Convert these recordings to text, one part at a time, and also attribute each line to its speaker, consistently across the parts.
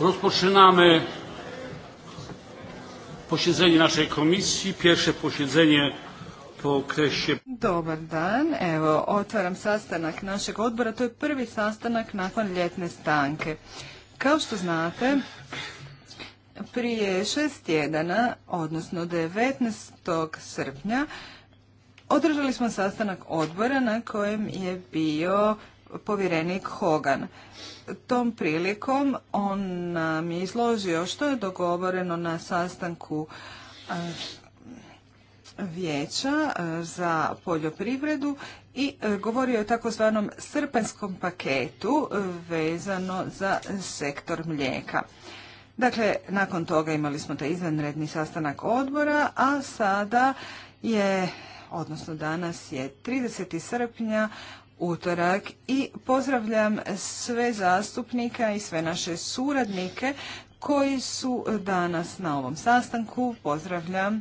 Speaker 1: Rozpoczynamy posiedzenie naszej komisji, pierwsze posiedzenie po okresie. Dobar
Speaker 2: dan, evo otvaram sastanak našeg odbora, to je prvi sastanak nakon ljetne stanke. Kao što znate, prije šest tjedana, odnosno 19. srpnja, Održali smo sastanak odbora na kojem je bio povjerenik Hogan. Tom prilikom on nam je izložio što je dogovoreno na sastanku e, vijeća e, za poljoprivredu i e, govorio je o takozvanom srpanskom paketu vezano za sektor mlijeka. Dakle, nakon toga imali smo taj izvanredni sastanak odbora, a sada je, odnosno danas je 30. srpnja, utorak i pozdravljam sve zastupnika i sve naše suradnike koji su danas na ovom sastanku. Pozdravljam e,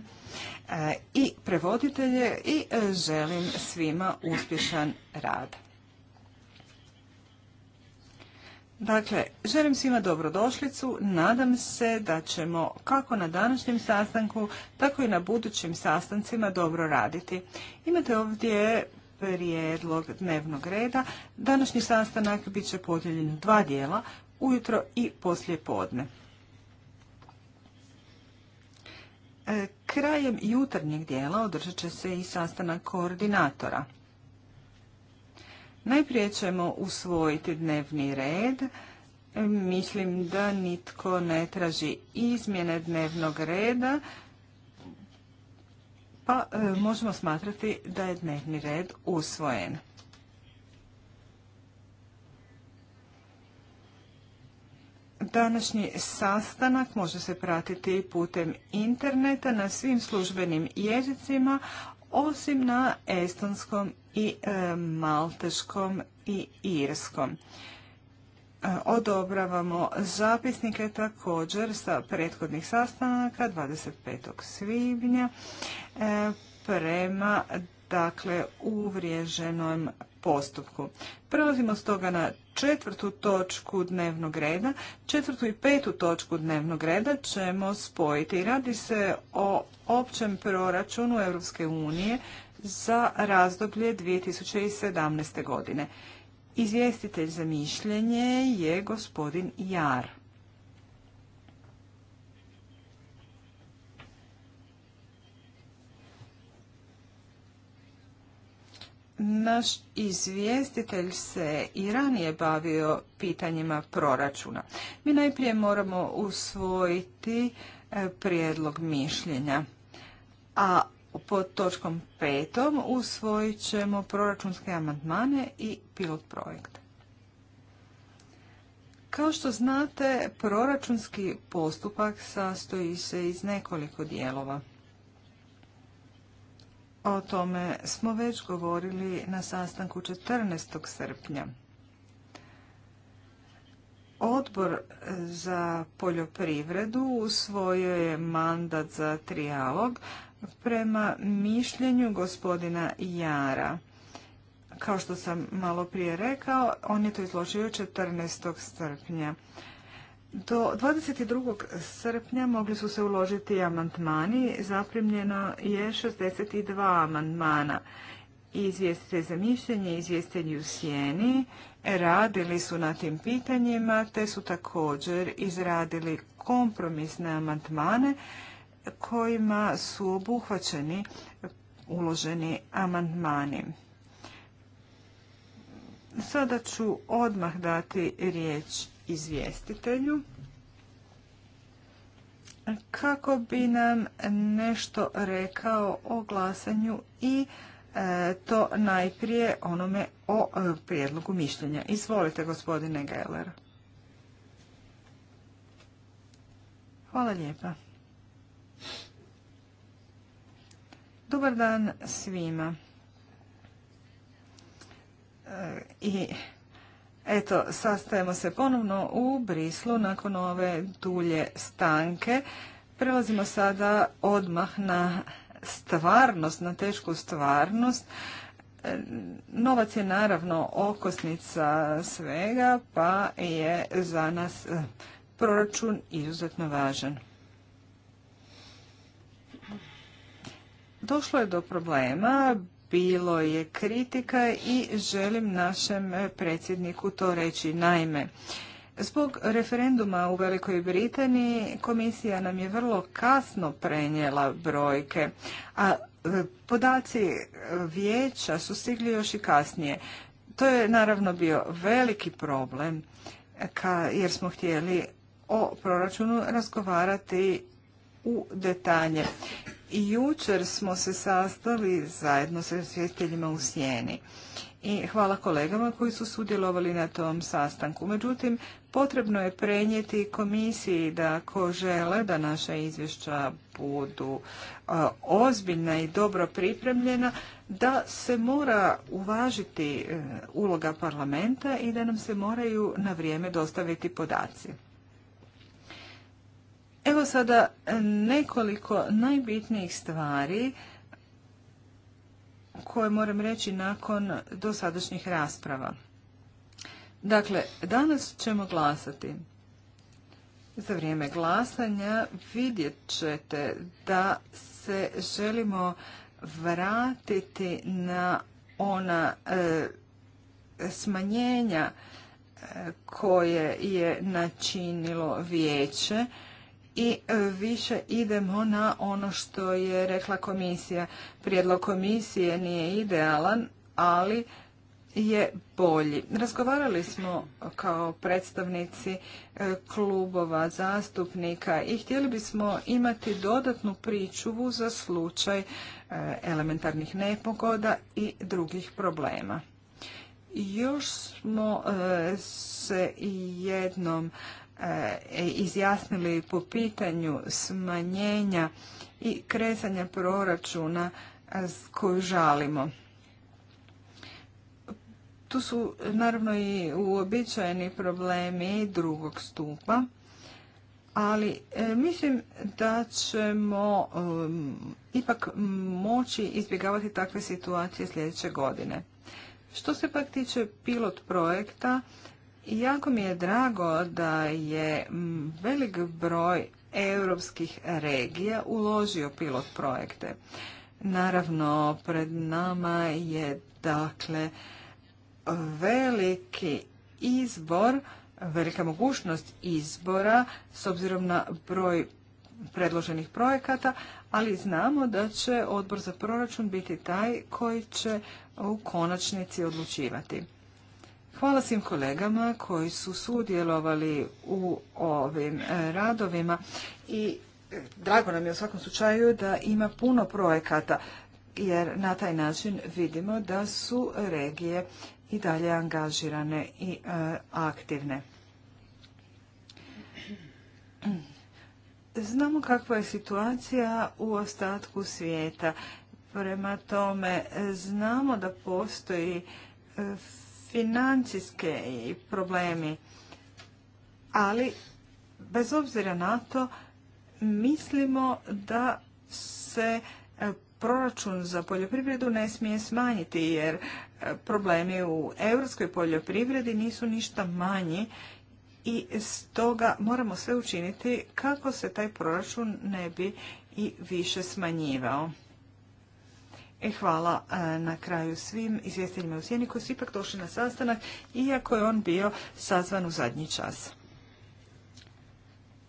Speaker 2: i prevoditelje i e, želim svima uspješan rad. Dakle, želim svima dobrodošlicu. Nadam se da ćemo kako na današnjem sastanku, tako i na budućim sastancima dobro raditi. Imate ovdje prijedlog dnevnog reda. Današnji sastanak bit će podijeljen u dva dijela, ujutro i poslije podne. E, krajem jutarnjeg dijela održat će se i sastanak koordinatora. Najprije ćemo usvojiti dnevni red. Mislim da nitko ne traži izmjene dnevnog reda pa e, možemo smatrati da je dnevni red usvojen. Današnji sastanak može se pratiti putem interneta na svim službenim jezicima, osim na estonskom i e, malteškom i irskom. Odobravamo zapisnike također sa prethodnih sastanaka 25. svibnja e, prema dakle uvriježenom postupku. Prelazimo stoga na četvrtu točku dnevnog reda. Četvrtu i petu točku dnevnog reda ćemo spojiti. Radi se o općem proračunu Europske unije za razdoblje 2017. godine. Izvjestitelj za mišljenje je gospodin Jar. Naš izvjestitelj se i ranije bavio pitanjima proračuna. Mi najprije moramo usvojiti e, prijedlog mišljenja, a pod točkom petom usvojit ćemo proračunske amandmane i pilot projekt. Kao što znate, proračunski postupak sastoji se iz nekoliko dijelova. O tome smo već govorili na sastanku 14. srpnja. Odbor za poljoprivredu usvojio je mandat za trijalog, Prema mišljenju gospodina Jara, kao što sam malo prije rekao, on je to izložio 14. srpnja. Do 22. srpnja mogli su se uložiti amandmani, zaprimljeno je 62 amandmana. Izvijestite za mišljenje, izvjestitelji u sjeni, radili su na tim pitanjima, te su također izradili kompromisne amandmane kojima su obuhvaćeni uloženi amandmani. Sada ću odmah dati riječ izvjestitelju kako bi nam nešto rekao o glasanju i e, to najprije onome o e, prijedlogu mišljenja. Izvolite gospodine Geller. Hvala lijepa. Dobar dan svima. E, I eto, sastajemo se ponovno u Brislu nakon ove dulje stanke. Prelazimo sada odmah na stvarnost, na tešku stvarnost. E, novac je naravno okosnica svega, pa je za nas e, proračun izuzetno važan. Došlo je do problema, bilo je kritika i želim našem predsjedniku to reći. Naime, Zbog referenduma u Velikoj Britaniji komisija nam je vrlo kasno prenijela brojke, a e, podaci vijeća su stigli još i kasnije. To je naravno bio veliki problem jer smo htjeli o proračunu razgovarati u detalje. I jučer smo se sastali zajedno sa svjetiteljima u Sjeni. I hvala kolegama koji su sudjelovali na tom sastanku. Međutim, potrebno je prenijeti komisiji da ako žele da naša izvješća budu e, ozbiljna i dobro pripremljena, da se mora uvažiti e, uloga parlamenta i da nam se moraju na vrijeme dostaviti podaci. Evo sada e, nekoliko najbitnijih stvari koje moram reći nakon dosadašnjih rasprava. Dakle, danas ćemo glasati. Za vrijeme glasanja vidjet ćete da se želimo vratiti na ona e, smanjenja e, koje je načinilo vijeće i e, više idemo na ono što je rekla komisija. Prijedlog komisije nije idealan, ali je bolji. Razgovarali smo kao predstavnici e, klubova zastupnika i htjeli bismo imati dodatnu pričuvu za slučaj e, elementarnih nepogoda i drugih problema. Još smo se jednom E, izjasnili po pitanju smanjenja i kresanja proračuna e, koju žalimo. Tu su naravno i uobičajeni problemi drugog stupa, ali e, mislim da ćemo ipak moći izbjegavati takve situacije sljedeće godine. Što se pak tiče pilot projekta, Jako mi je drago da je velik broj europskih regija uložio pilot projekte. Naravno, pred nama je dakle veliki izbor, velika mogućnost izbora s obzirom na broj predloženih projekata, ali znamo da će odbor za proračun biti taj koji će u konačnici odlučivati. Hvala svim kolegama koji su sudjelovali u ovim e, radovima i e, drago nam je u svakom slučaju da ima puno projekata jer na taj način vidimo da su regije i dalje angažirane i e, aktivne. Znamo kakva je situacija u ostatku svijeta. Prema tome, znamo da postoji financijske problemi. Ali, bez obzira na to, mislimo da se e, proračun za poljoprivredu ne smije smanjiti jer e, problemi u europskoj poljoprivredi nisu ništa manji i stoga moramo sve učiniti kako se taj proračun ne bi i više smanjivao. I e, hvala e, na kraju svim izvjestiteljima u Sjeni koji su ipak došli na sastanak, iako je on bio sazvan u zadnji čas.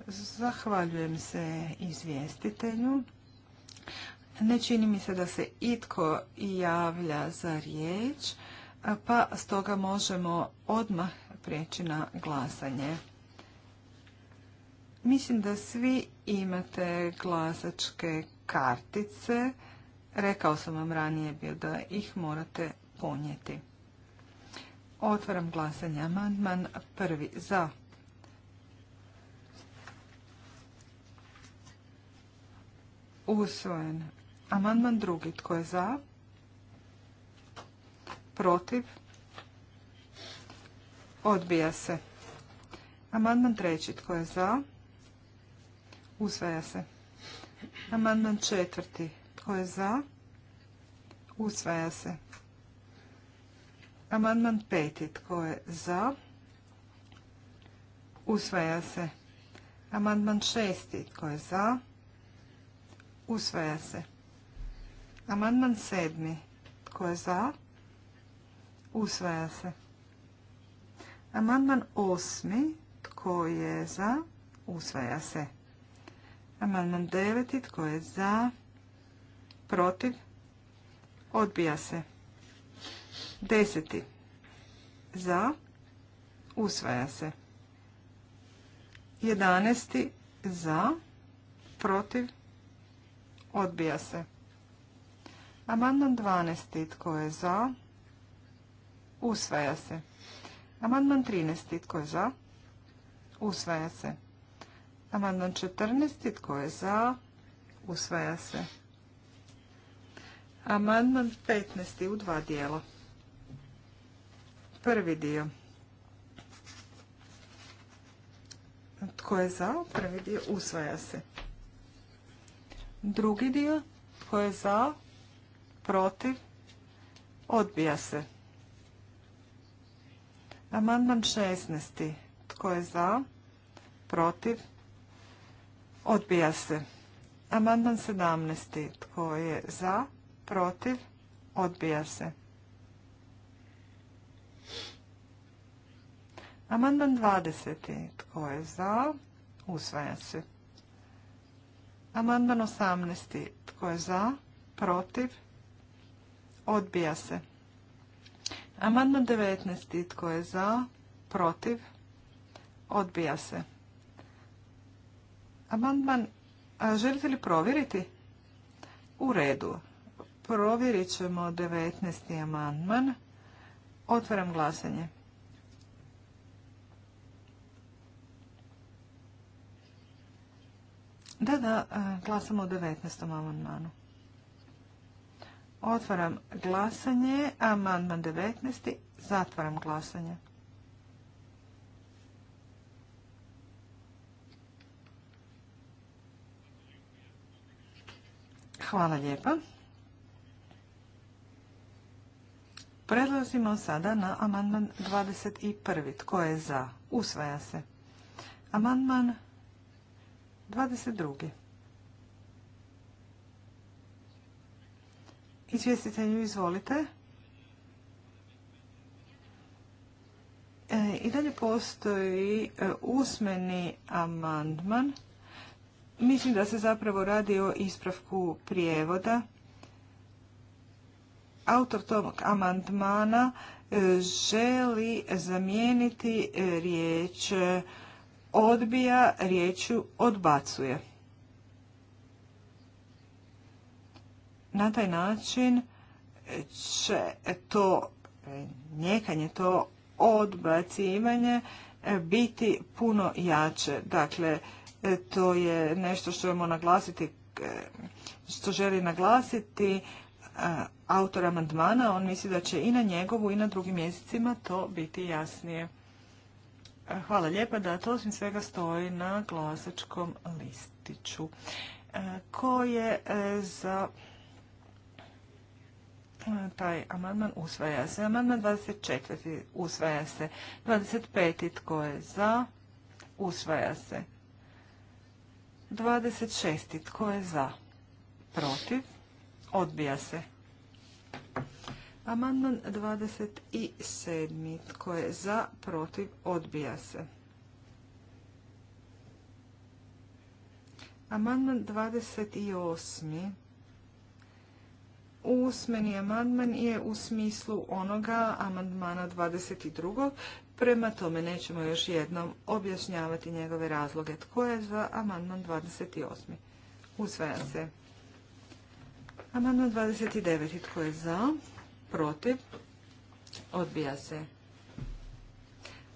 Speaker 2: Zahvaljujem se izvjestitelju. Ne čini mi se da se itko javlja za riječ, pa stoga možemo odmah prijeći na glasanje. Mislim da svi imate glasačke kartice. Rekao sam vam ranije bio da ih morate ponijeti. Otvaram glasanje. Amandman prvi za. Usvojen. Amandman drugi. Tko je za? Protiv? Odbija se. Amandman treći. Tko je za? Usvaja se. Amandman četvrti. Tko je za? Usvaja se. Amandman peti. Tko je za? Usvaja se. Amandman šesti. Tko je za? Usvaja se. Amandman sedmi. Tko je za? Usvaja se. Amandman osmi. Tko je za? Usvaja se. Amandman deveti. Tko je za? protiv, odbija se. Deseti za, usvaja se. Jedanesti za, protiv, odbija se. Amandman 12. Tko je za? Usvaja se. Amandman 13. Tko je za? Usvaja se. Amandman 14. Tko je za? Usvaja se. Amandman 15. u dva dijela. Prvi dio. Tko je za? Prvi dio usvaja se. Drugi dio. Tko je za? Protiv? Odbija se. Amandman 16. Tko je za? Protiv? Odbija se. Amandman 17. Tko je za? protiv, odbija se. Amandman 20. Tko je za? Usvaja se. Amandman 18. Tko je za? Protiv? Odbija se. Amandman 19. Tko je za? Protiv? Odbija se. Amandman, želite li provjeriti? U redu. Provjerit ćemo 19. amandman. Otvaram glasanje. Da, da, e, glasamo o 19. amandmanu. Otvaram glasanje, amandman 19. Zatvaram glasanje. Hvala lijepa. Prelazimo sada na amandman 21. Tko je za? Usvaja se. Amandman 22. Izvjestitelju, izvolite. E, I dalje postoji e, usmeni amandman. Mislim da se zapravo radi o ispravku prijevoda autor tog amandmana e, želi zamijeniti e, riječ e, odbija riječju odbacuje. Na taj način će to njekanje, to odbacivanje biti puno jače. Dakle, to je nešto što ćemo naglasiti, što želi naglasiti autor amandmana, on misli da će i na njegovu i na drugim jezicima to biti jasnije. Hvala lijepa da to osim svega stoji na glasačkom listiću. Ko je e, za taj amandman usvaja se. Amandman 24. usvaja se. 25. tko je za? Usvaja se. 26. tko je za? Protiv? Odbija se. Amandman 27. Tko je za, protiv, odbija se. Amandman 28. Usmeni amandman je u smislu onoga amandmana 22. Prema tome nećemo još jednom objašnjavati njegove razloge. Tko je za amandman 28. Usvaja se. Amandman 29. Tko je za? Protiv? Odbija se.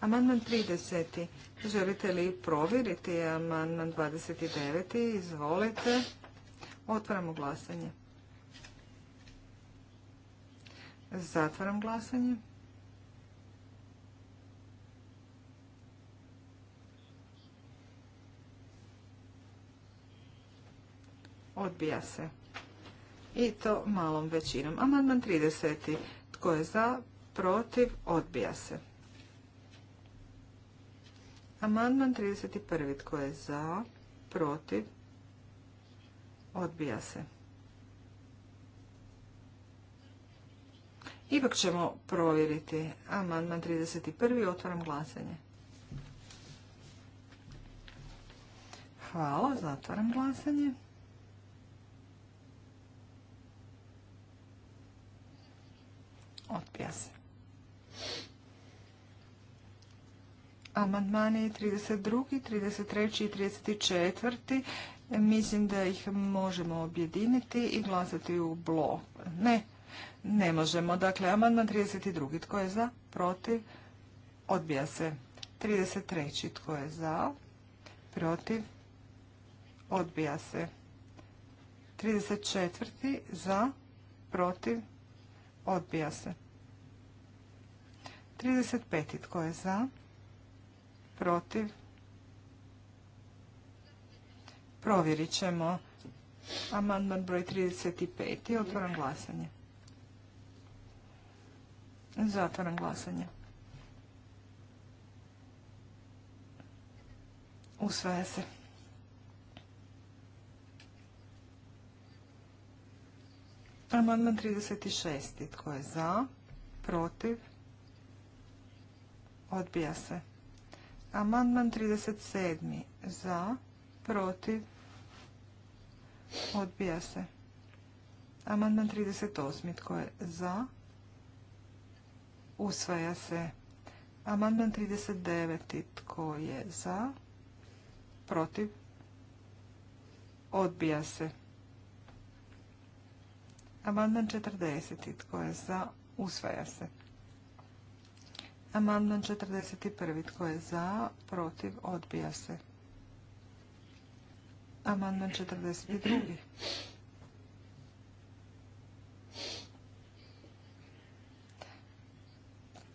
Speaker 2: Amandman 30. Želite li provjeriti amandman 29. Izvolite. Otvaramo glasanje. Zatvaram glasanje. Odbija se i to malom većinom. Amandman 30. Tko je za? Protiv? Odbija se. Amandman 31. Tko je za? Protiv? Odbija se. Ipak ćemo provjeriti amandman 31. Otvaram glasanje. Hvala, zatvaram glasanje. Odbija se. Amandmani 32., 33. i 34. Mislim da ih možemo objediniti i glasati u blok. Ne, ne možemo. Dakle, amandman 32. Tko je za? Protiv? Odbija se. 33. Tko je za? Protiv? Odbija se. 34. Za? Protiv? Odbija se. 35. Tko je za? Protiv? Provjerit ćemo. Amandman broj 35. Otvoram glasanje. Zatvoram glasanje. Usvaja se. Amandman 36. Tko je za? Protiv? Odbija se. Amandman 37. Za? Protiv? Odbija se. Amandman 38. Tko je za? Usvaja se. Amandman 39. Tko je za? Protiv? Odbija se. Amandman 40. Tko je za? Usvaja se. Amandman 41. Tko je za? Protiv? Odbija se. Amandman 42.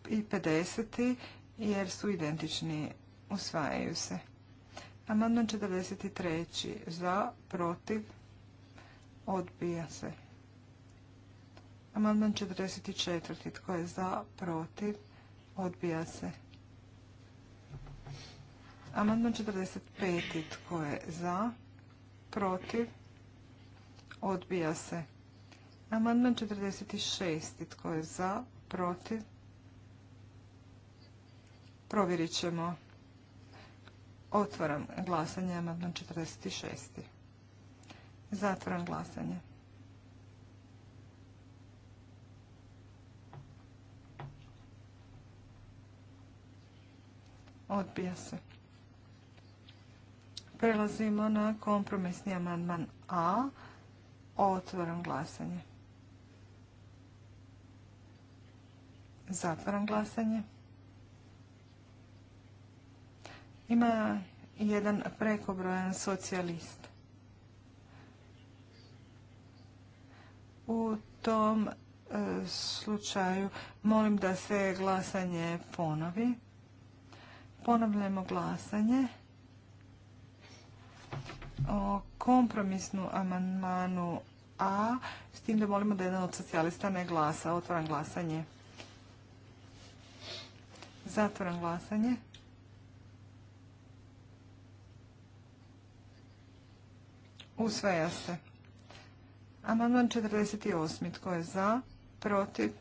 Speaker 2: I 50. jer su identični. Usvajaju se. Amandman 43. Za? Protiv? Odbija se. Amandman 44. Tko je za? Protiv? Odbija se. Amandman 45. Tko je za? Protiv? Odbija se. Amandman 46. Tko je za? Protiv? Provjerit ćemo. Otvaram glasanje. Amandman 46. Zatvaram glasanje. Odbija se. Prelazimo na kompromisni amandman A. Otvoram glasanje. Zatvoram glasanje. Ima jedan prekobrojan socijalist. U tom e, slučaju molim da se glasanje ponovi. Ponavljamo glasanje o kompromisnu amandmanu A, s tim da molimo da jedan od socijalista ne glasa. Otvoram glasanje. Zatvoram glasanje. Usvaja se. Amandman 48. Tko je za? Protiv?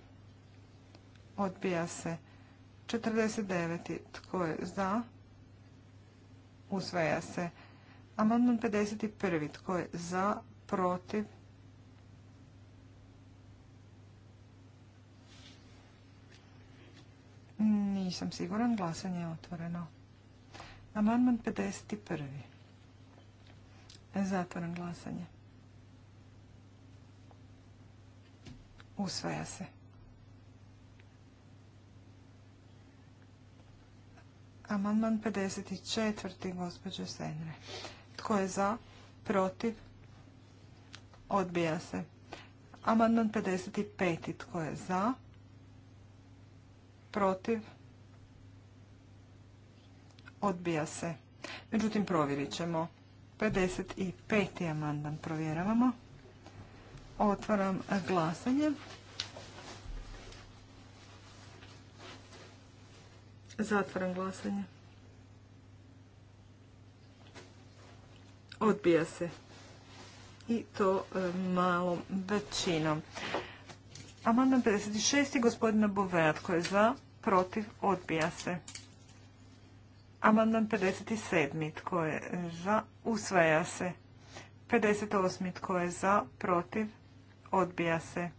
Speaker 2: Odbija se. 49. Tko je za? Usvaja se. Amandman 51. Tko je za? Protiv? Nisam siguran. Glasanje je otvoreno. Amandman 51. Zatvoren glasanje. Usvaja se. Amandman 54. gospođe Senre. Tko je za? Protiv? Odbija se. Amandman 55. Tko je za? Protiv? Odbija se. Međutim, provjerit ćemo. 55. amandman provjeravamo. Otvaram glasanje. Zatvaram glasanje. Odbija se. I to e, malom većinom. Amandman 56. gospodina Bovea. Tko je za? Protiv? Odbija se. Amandman 57. Tko je za? Usvaja se. 58. Tko je za? Protiv? Odbija se.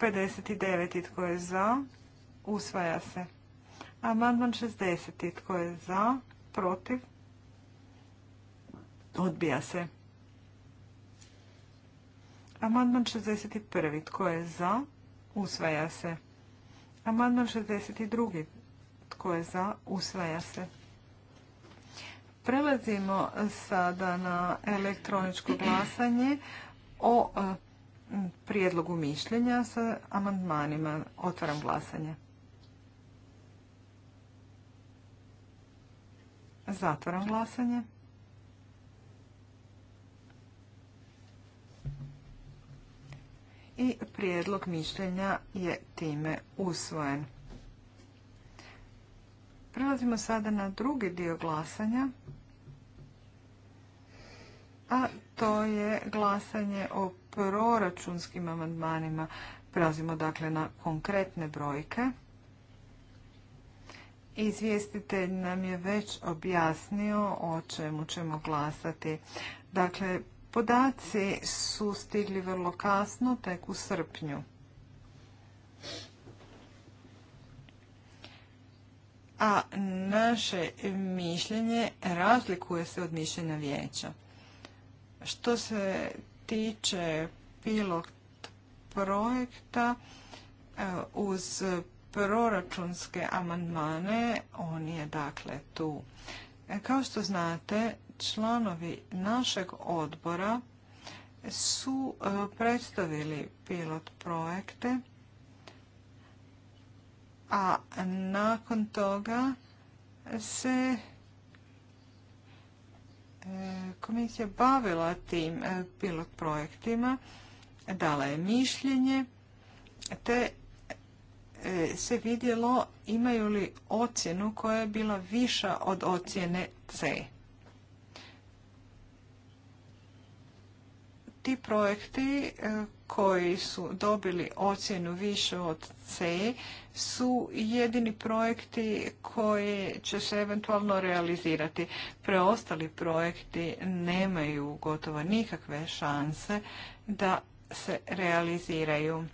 Speaker 2: 59. Tko je za? Usvaja se. Amandman 60. Tko je za? Protiv? Odbija se. Amandman 61. Tko je za? Usvaja se. Amandman 62. Tko je za? Usvaja se. Prelazimo sada na elektroničko glasanje o e, prijedlogu mišljenja sa amandmanima. Otvaram glasanje. Zatvaram glasanje. I prijedlog mišljenja je time usvojen. Prelazimo sada na drugi dio glasanja, a to je glasanje o proračunskim amandmanima. Prelazimo dakle na konkretne brojke. Izvjestitelj nam je već objasnio o čemu ćemo glasati. Dakle, podaci su stigli vrlo kasno, tek u srpnju. A naše mišljenje razlikuje se od mišljenja vijeća. Što se tiče pilot projekta, uz proračunske amandmane, on je dakle tu. E, kao što znate, članovi našeg odbora su e, predstavili pilot projekte, a nakon toga se e, komisija bavila tim pilot projektima, dala je mišljenje, te E, se vidjelo imaju li ocjenu koja je bila viša od ocjene C. Ti projekti e, koji su dobili ocjenu više od C su jedini projekti koji će se eventualno realizirati. Preostali projekti nemaju gotovo nikakve šanse da se realiziraju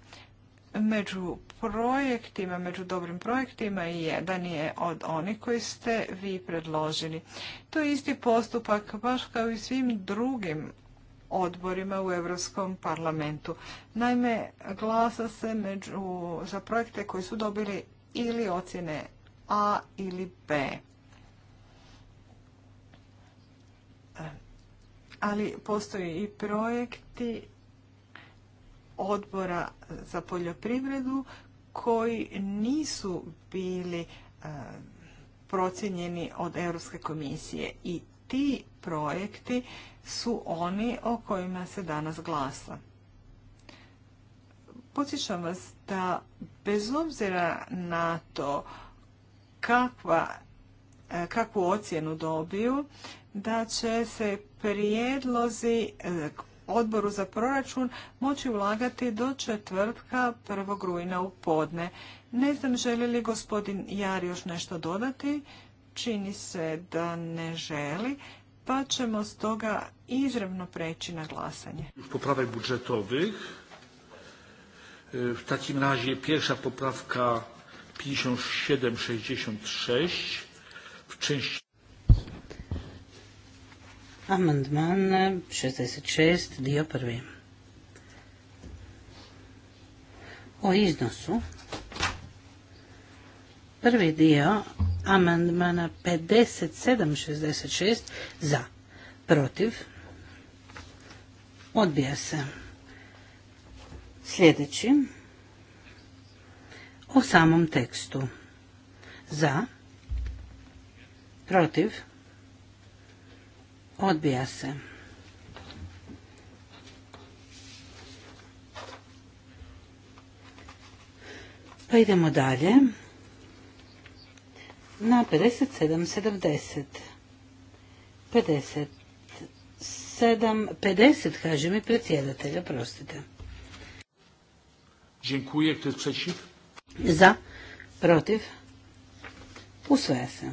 Speaker 2: među projektima, među dobrim projektima i jedan je od onih koji ste vi predložili. To je isti postupak baš kao i svim drugim odborima u Europskom parlamentu. Naime, glasa se među, za projekte koji su dobili ili ocjene A ili B. Ali postoji i projekti odbora za poljoprivredu koji nisu bili e, procijenjeni od Europske komisije i ti projekti su oni o kojima se danas glasa. Podsjećam vas da bez obzira na to kakva, e, kakvu ocjenu dobiju, da će se prijedlozi e, odboru za proračun moći ulagati do četvrtka 1. rujna u podne. Ne znam želi li gospodin Jar još nešto dodati. Čini se da ne želi, pa ćemo stoga izravno preći na glasanje.
Speaker 1: poprave budžetovih. E, w takim razie pierwsza poprawka popravka w części
Speaker 3: Amandman 66, dio prvi. O iznosu. Prvi dio amandmana 57.66 za. Protiv. Odbija se. Sljedeći. O samom tekstu. Za. Protiv Odbija se. Pa idemo dalje. Na 57, 70. 50. 7, 50 kaže mi predsjedatelja, prostite.
Speaker 1: Dziękuję, kto jest przeciw?
Speaker 3: Za, protiv, usvaja se.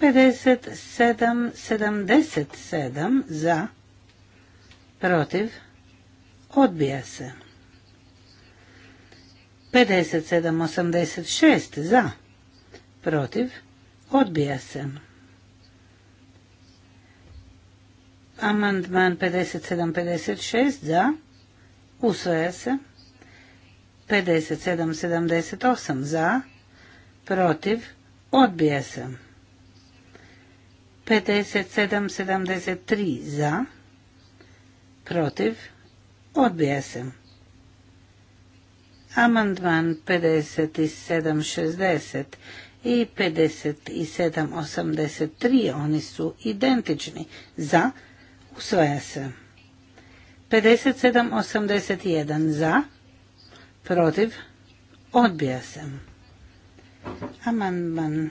Speaker 3: 57-77 za, protiv, odbija se. 57-86 za, protiv, odbija se. Amandman 57-56 za, usvoja se. 57-78 za, protiv, odbija se. 5773 za, protiv, odbija se. Amandman 5760 i 5783, oni su identični, za, usvaja se. 5781 za, protiv, odbija se. Amandman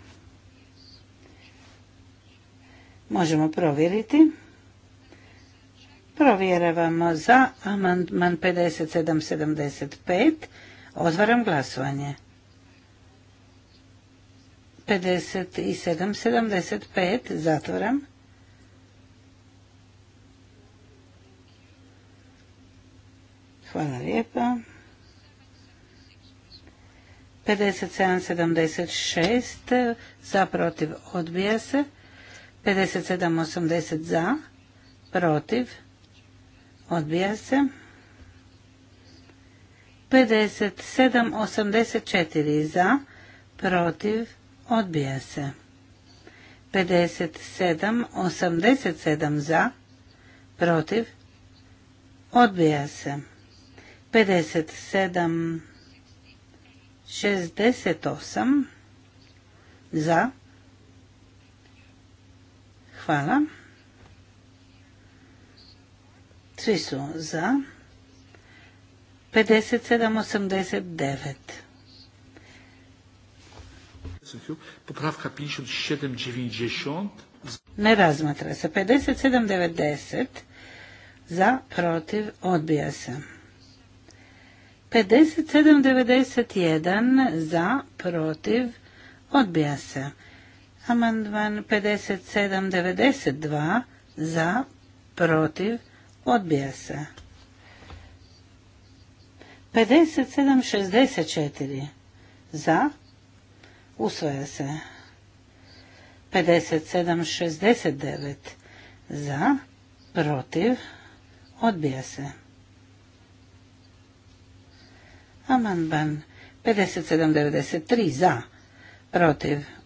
Speaker 3: Možemo provjeriti. Provjeravamo za amandman 57.75. Otvaram glasovanje. 57.75. Zatvoram. Hvala lijepa. 57.76. Za protiv odbija se. 57.80 za, protiv, odbija se. 57.84 za, protiv, odbija se. 57.87 za, protiv, odbija se. 57.68 za, Hvala. Svi su za. 57,89.
Speaker 1: Poprawka 57,90.
Speaker 3: Ne razmatra se. 57,90 za, protiv, odbija se. 57,91 za, protiv, odbija se. Amandman 5792 za, protiv, odbija se. 5764 za, usvaja se. 5769 za, protiv, odbija se. Amandman 5793 za, protiv,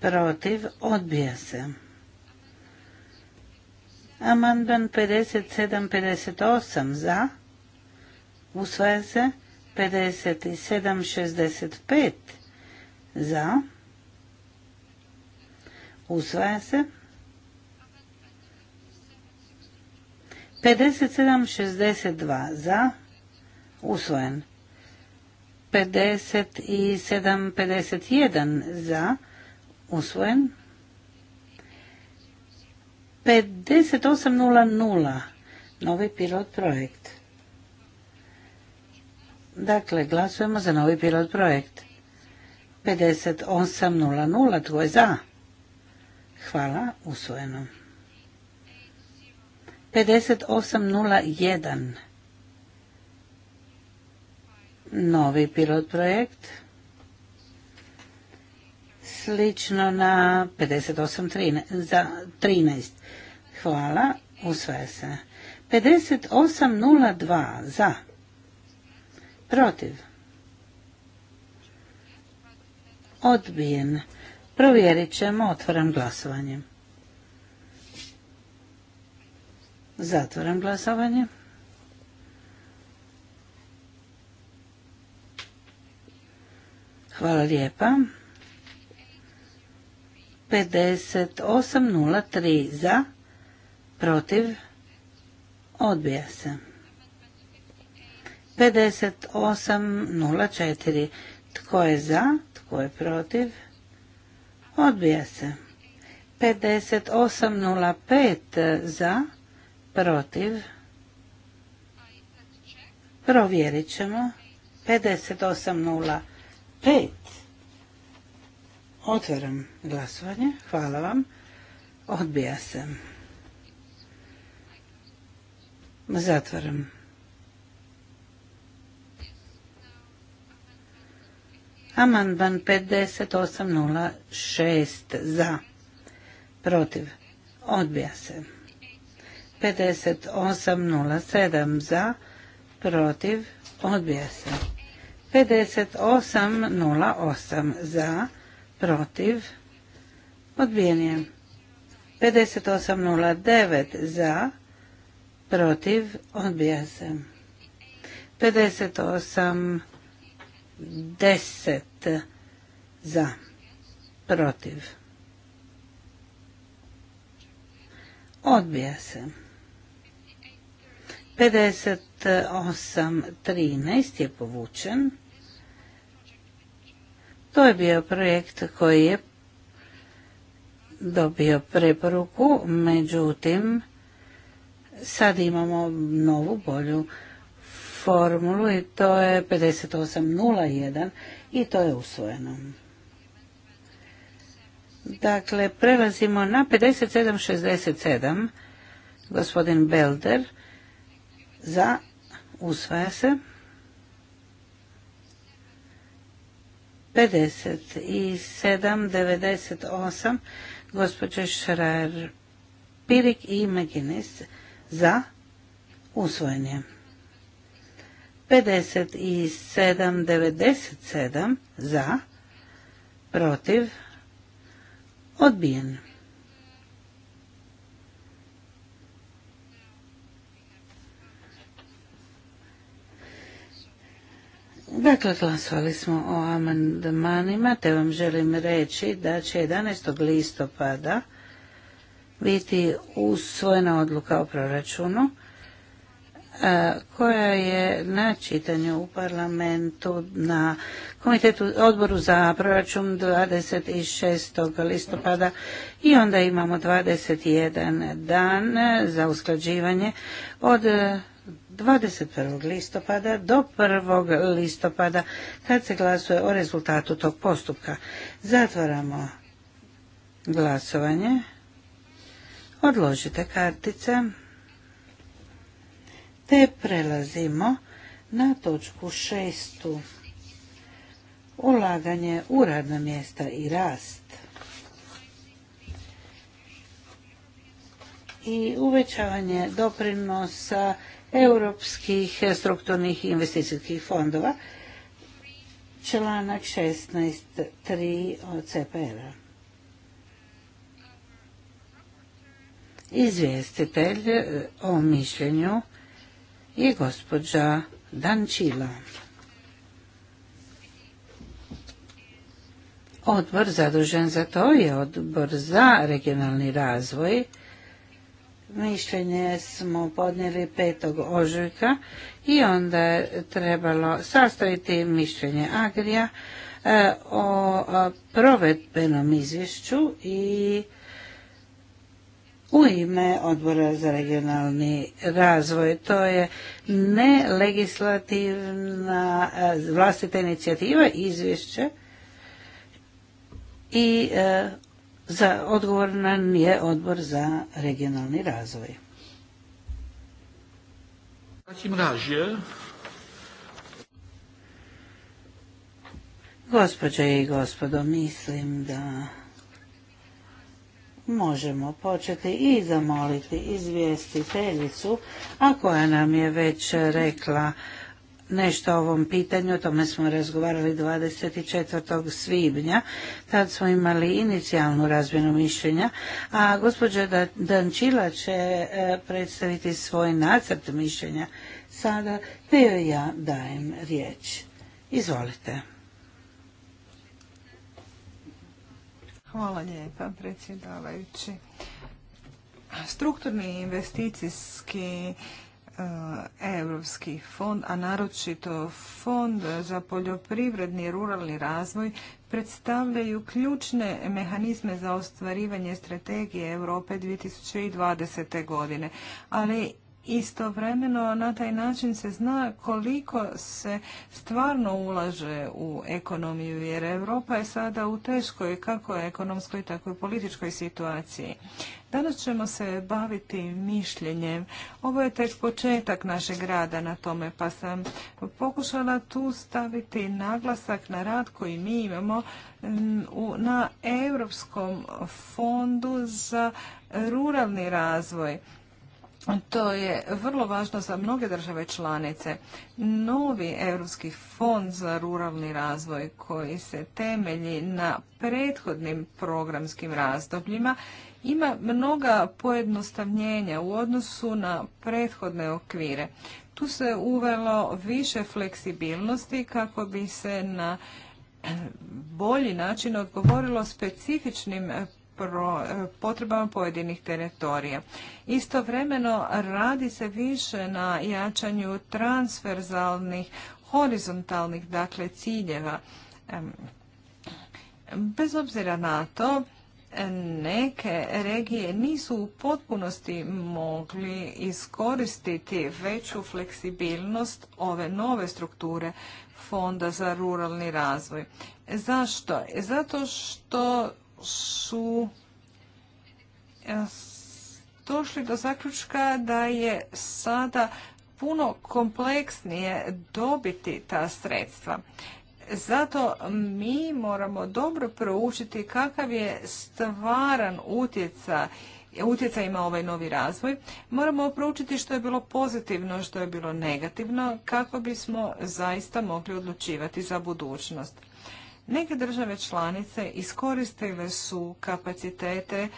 Speaker 3: protiv, odbija se. Amandman 57-58 za, usvaja se. 57-65 za, usvaja se. 57-62 za, usvojen. 57-51 za, usvojen usvojen. 58.00, novi pilot projekt. Dakle, glasujemo za novi pilot projekt. 58.00, tko je za? Hvala, usvojeno. 58.01, novi pilot projekt slično na 58.13. Hvala, usvaja se. 58.02 za, protiv, odbijen. Provjerit ćemo, otvaram glasovanje. Zatvaram glasovanje. Hvala lijepa. 5803 za, protiv, odbija se. 5804 tko je za, tko je protiv, odbija se. 5805 za, protiv, provjerit ćemo. 5805 Otvaram glasovanje. Hvala vam. Odbija se. Zatvaram. Amandman 5806 za. Protiv. Odbija se. 5807 za. Protiv. Odbija se. 5808 za protiv, odbijen 5809 za, protiv, odbija se. 5810 za, protiv, odbija se. 5813 je povučen. To je bio projekt koji je dobio preporuku, međutim sad imamo novu bolju formulu i to je 58.01 i to je usvojeno. Dakle, prelazimo na 57.67. Gospodin Belder za usvaja se. 57, 98, gospođe Šrajer Pirik i Meginis za usvojenje. 57, 97 za, protiv, odbijen. Dakle, glasovali smo o amandmanima, te vam želim reći da će 11. listopada biti usvojena odluka o proračunu koja je na čitanju u parlamentu na komitetu odboru za proračun 26. listopada i onda imamo 21 dan za usklađivanje od 21. listopada do 1. listopada kad se glasuje o rezultatu tog postupka. Zatvaramo glasovanje. Odložite kartice. Te prelazimo na točku šestu. Ulaganje u radna mjesta i rast. I uvećavanje doprinosa europskih strukturnih investicijskih fondova, članak 16.3 od CPR-a. Izvjestitelj e, o mišljenju je gospođa Dančila. Odbor zadužen za to je odbor za regionalni razvoj Mišljenje smo podnijeli 5. ožujka i onda je trebalo sastaviti mišljenje Agrija e, o provedbenom izvješću i u ime odbora za regionalni razvoj. To je nelegislativna e, vlastita inicijativa, izvješće i e, za nam je odbor za regionalni razvoj. Gospođe i gospodo, mislim da možemo početi i zamoliti izvjestiteljicu, a koja nam je već rekla nešto o ovom pitanju, o tome smo razgovarali 24. svibnja, tad smo imali inicijalnu razmjenu mišljenja, a gospođa Dančila će e, predstaviti svoj nacrt mišljenja sada, te joj ja dajem riječ. Izvolite.
Speaker 2: Hvala lijepa, predsjedavajući. Strukturni investicijski E, Europski fond, a naročito fond za poljoprivredni i ruralni razvoj predstavljaju ključne mehanizme za ostvarivanje strategije Europe 2020. godine, ali Istovremeno na taj način se zna koliko se stvarno ulaže u ekonomiju jer Europa je sada u teškoj kako ekonomskoj tako i političkoj situaciji. Danas ćemo se baviti mišljenjem. Ovo je tek početak našeg rada na tome, pa sam pokušala tu staviti naglasak na rad koji mi imamo na Europskom fondu za ruralni razvoj. To je vrlo važno za mnoge države članice. Novi Europski fond za ruralni razvoj koji se temelji na prethodnim programskim razdobljima ima mnoga pojednostavljenja u odnosu na prethodne okvire. Tu se uvelo više fleksibilnosti kako bi se na bolji način odgovorilo specifičnim E, potrebama pojedinih teritorija. Istovremeno radi se više na jačanju transverzalnih, horizontalnih dakle ciljeva. Bez obzira na to, neke regije nisu u potpunosti mogli iskoristiti veću fleksibilnost ove nove strukture Fonda za ruralni razvoj. Zašto? Zato što su eh, došli do zaključka da je sada puno kompleksnije dobiti ta sredstva. Zato mi moramo dobro proučiti kakav je stvaran utjecaj utjecaj ima ovaj novi razvoj, moramo proučiti što je bilo pozitivno, što je bilo negativno, kako bismo zaista mogli odlučivati za budućnost. Neke države članice iskoristile su kapacitete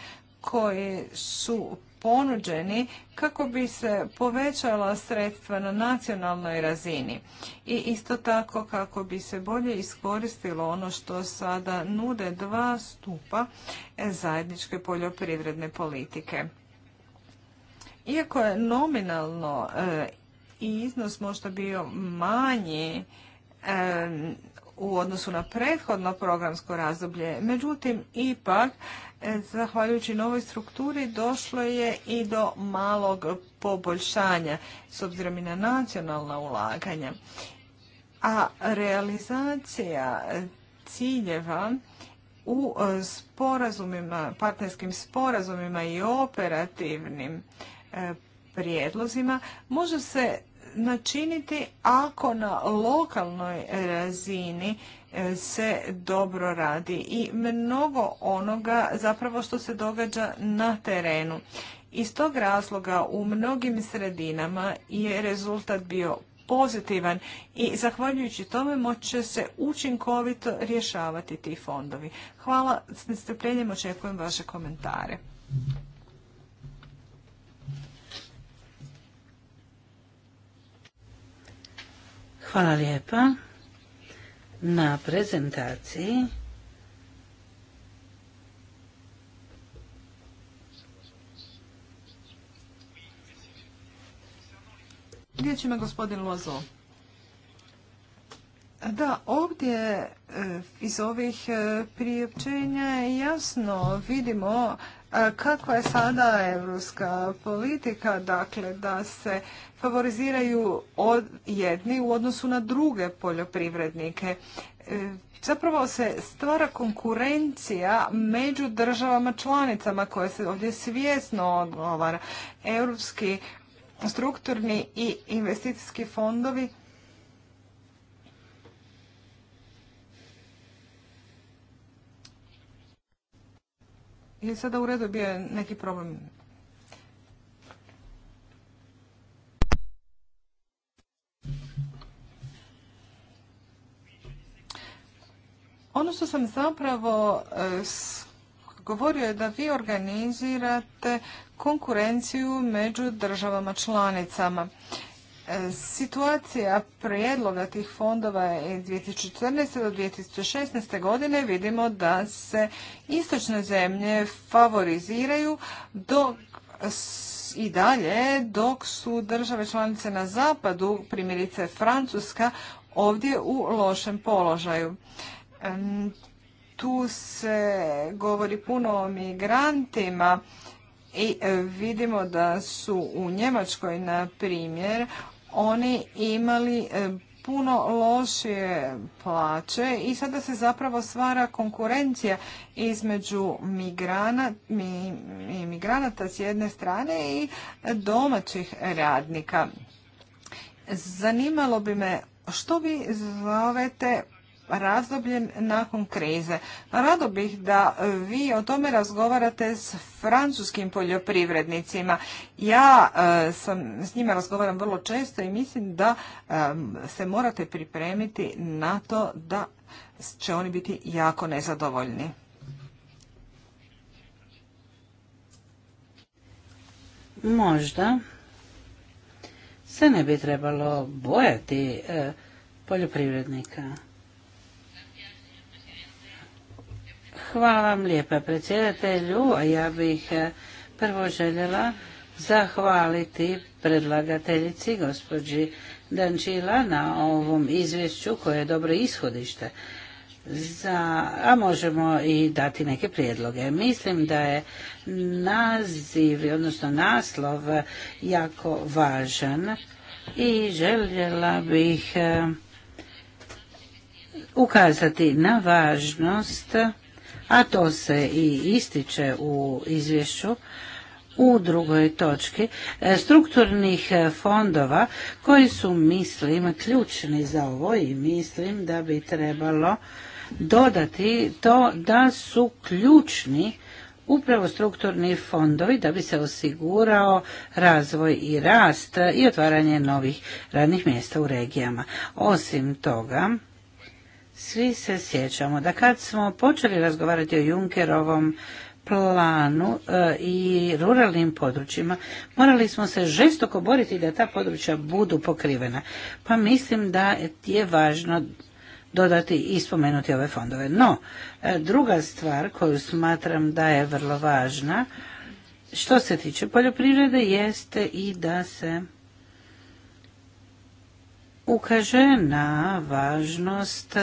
Speaker 2: koje su ponuđeni kako bi se povećala sredstva na nacionalnoj razini i isto tako kako bi se bolje iskoristilo ono što sada nude dva stupa zajedničke poljoprivredne politike. Iako je nominalno e, i iznos možda bio manji e, u odnosu na prethodno programsko razdoblje. Međutim, ipak, e, zahvaljujući novoj strukturi, došlo je i do malog poboljšanja s obzirom i na nacionalna ulaganja. A realizacija ciljeva u e, sporazumima, partnerskim sporazumima i operativnim e, prijedlozima može se načiniti ako na lokalnoj razini e, se dobro radi i mnogo onoga zapravo što se događa na terenu. Iz tog razloga u mnogim sredinama je rezultat bio pozitivan i zahvaljujući tome moće se učinkovito rješavati ti fondovi. Hvala, s nestrpljenjem očekujem vaše komentare.
Speaker 3: Hvala lijepa na prezentaciji.
Speaker 2: će me gospodin Lozo. Da, ovdje e, iz ovih e, priopćenja jasno vidimo e, kakva je sada evropska politika, dakle da se favoriziraju od jedni u odnosu na druge poljoprivrednike. Zapravo se stvara konkurencija među državama članicama koje se ovdje svjesno odgovara. Europski strukturni i investicijski fondovi je sada u redu bio neki problem. Ono što sam zapravo e, govorio je da vi organizirate konkurenciju među državama članicama. E, situacija prijedloga tih fondova je iz 2014. do 2016. godine vidimo da se istočne zemlje favoriziraju dok i dalje dok su države članice na zapadu, primjerice Francuska, ovdje u lošem položaju. E, tu se govori puno o migrantima i vidimo da su u Njemačkoj, na primjer, oni imali e, puno lošije plaće i sada se zapravo stvara konkurencija između migranata s jedne strane i domaćih radnika. Zanimalo bi me što vi zovete razdobljem nakon krize. Rado bih da vi o tome razgovarate s francuskim poljoprivrednicima. Ja e, sam s njima razgovaram vrlo često i mislim da e, se morate pripremiti na to da će oni biti jako nezadovoljni.
Speaker 3: Možda se ne bi trebalo bojati e, poljoprivrednika Hvala vam lijepa predsjedatelju, a ja bih eh, prvo željela zahvaliti predlagateljici gospođi Dančila na ovom izvješću koje je dobro ishodište. Za, a možemo i dati neke prijedloge. Mislim da je naziv, odnosno naslov jako važan i željela bih eh, ukazati na važnost a to se i ističe u izvješću u drugoj točki e, strukturnih e, fondova koji su mislim ključni za ovo i mislim da bi trebalo dodati to da su ključni upravo strukturni fondovi da bi se osigurao razvoj i rast i otvaranje novih radnih mjesta u regijama. Osim toga, svi se sjećamo da kad smo počeli razgovarati o Junkerovom planu e, i ruralnim područjima morali smo se žestoko boriti da ta područja budu pokrivena. Pa mislim da je važno dodati i spomenuti ove fondove. No, e, druga stvar koju smatram da je vrlo važna što se tiče poljoprivrede jeste i da se ukaže na važnost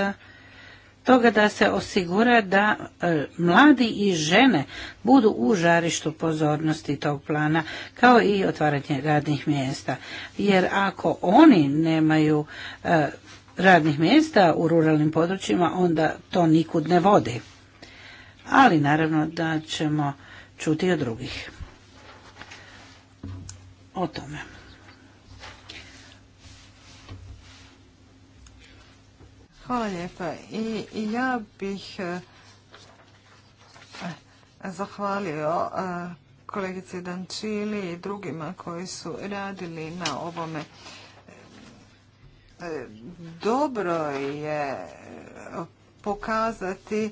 Speaker 3: toga da se osigura da e, mladi i žene budu u žarištu pozornosti tog plana kao i otvaranje radnih mjesta jer ako oni nemaju e, radnih mjesta u ruralnim područjima onda to nikud ne vodi ali naravno da ćemo čuti od drugih o tome
Speaker 2: Hvala lijepa. I, ja bih e, zahvalio e, kolegici Dančili i drugima koji su radili na ovome. E, dobro je pokazati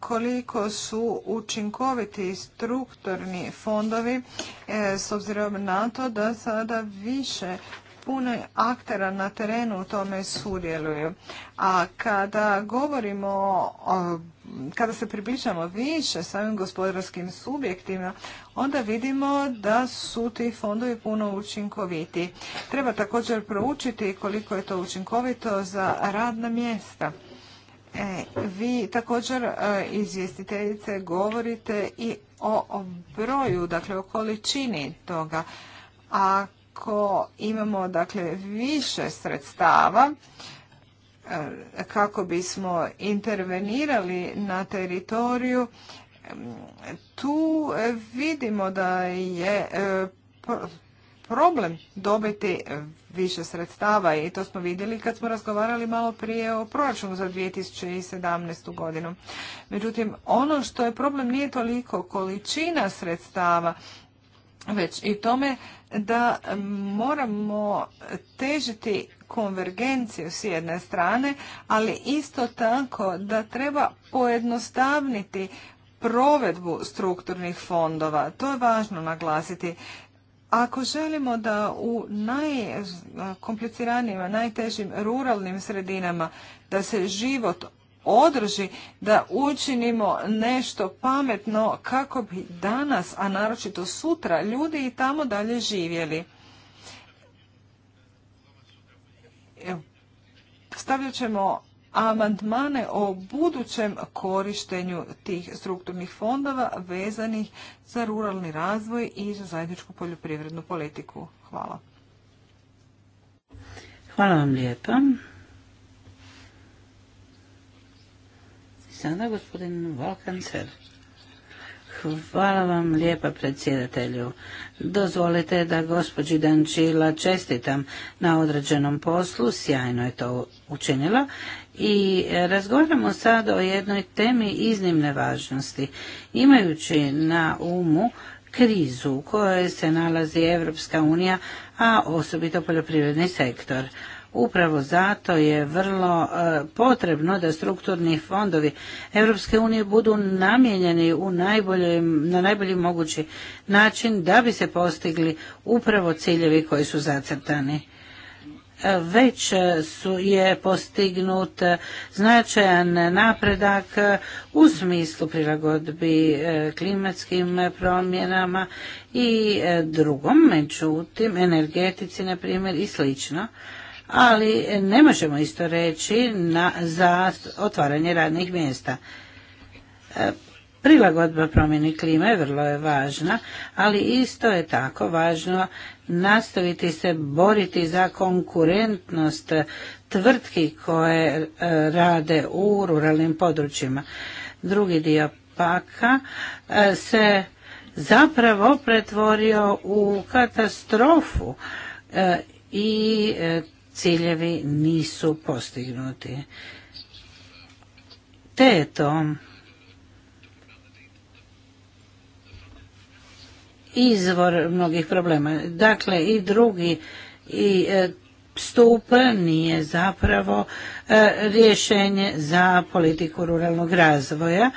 Speaker 2: koliko su učinkoviti strukturni fondovi s obzirom na to da sada više puno aktera na terenu u tome sudjeluju. A kada govorimo, kada se približamo više samim gospodarskim subjektima, onda vidimo da su ti fondovi puno učinkoviti. Treba također proučiti koliko je to učinkovito za radna mjesta. E, vi također e, izvjestiteljice govorite i o, o broju, dakle o količini toga. A ako imamo dakle više sredstava e, kako bismo intervenirali na teritoriju tu vidimo da je e, problem dobiti više sredstava i to smo vidjeli kad smo razgovarali malo prije o proračunu za 2017. godinu. Međutim, ono što je problem nije toliko količina sredstava, već i tome da moramo težiti konvergenciju s jedne strane, ali isto tako da treba pojednostavniti provedbu strukturnih fondova. To je važno naglasiti. Ako želimo da u najkompliciranijima, najtežim ruralnim sredinama da se život održi, da učinimo nešto pametno kako bi danas, a naročito sutra, ljudi i tamo dalje živjeli. Stavljat ćemo amandmane o budućem korištenju tih strukturnih fondova vezanih za ruralni razvoj i za zajedničku poljoprivrednu politiku. Hvala.
Speaker 3: Hvala vam lijepa. Sada gospodin Valkancer. Hvala vam lijepa predsjedatelju. Dozvolite da gospođi Dančila čestitam na određenom poslu, sjajno je to učinila i razgovaramo sad o jednoj temi iznimne važnosti. Imajući na umu krizu u kojoj se nalazi Europska unija, a osobito poljoprivredni sektor. Upravo zato je vrlo e, potrebno da strukturni fondovi Europske unije budu namijenjeni u na najbolji mogući način da bi se postigli upravo ciljevi koji su zacrtani e, već su je postignut značajan napredak u smislu prilagodbi e, klimatskim promjenama i drugom, međutim energetici na primjer i slično ali ne možemo isto reći na, za otvaranje radnih mjesta. E, prilagodba promjeni klime vrlo je važna, ali isto je tako važno nastaviti se boriti za konkurentnost tvrtki koje e, rade u ruralnim područjima. Drugi dio paka e, se zapravo pretvorio u katastrofu i ciljevi nisu postignuti. Te je to izvor mnogih problema. Dakle, i drugi i e, stup nije zapravo e, rješenje za politiku ruralnog razvoja.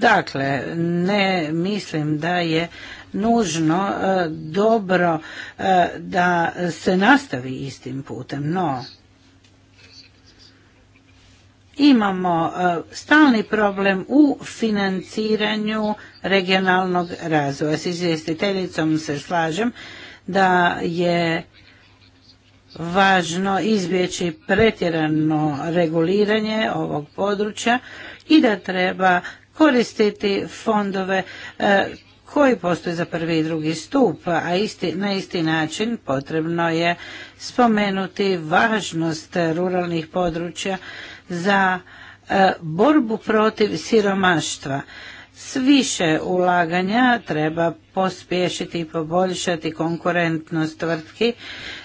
Speaker 3: Dakle, ne mislim da je nužno e, dobro e, da se nastavi istim putem, no imamo e, stalni problem u financiranju regionalnog razvoja. S izvjestiteljicom se slažem da je važno izbjeći pretjerano reguliranje ovog područja i da treba koristiti fondove koji postoje za prvi i drugi stup, a isti, na isti način potrebno je spomenuti važnost ruralnih područja za e, borbu protiv siromaštva. S više ulaganja treba pospješiti i poboljšati konkurentnost tvrtki,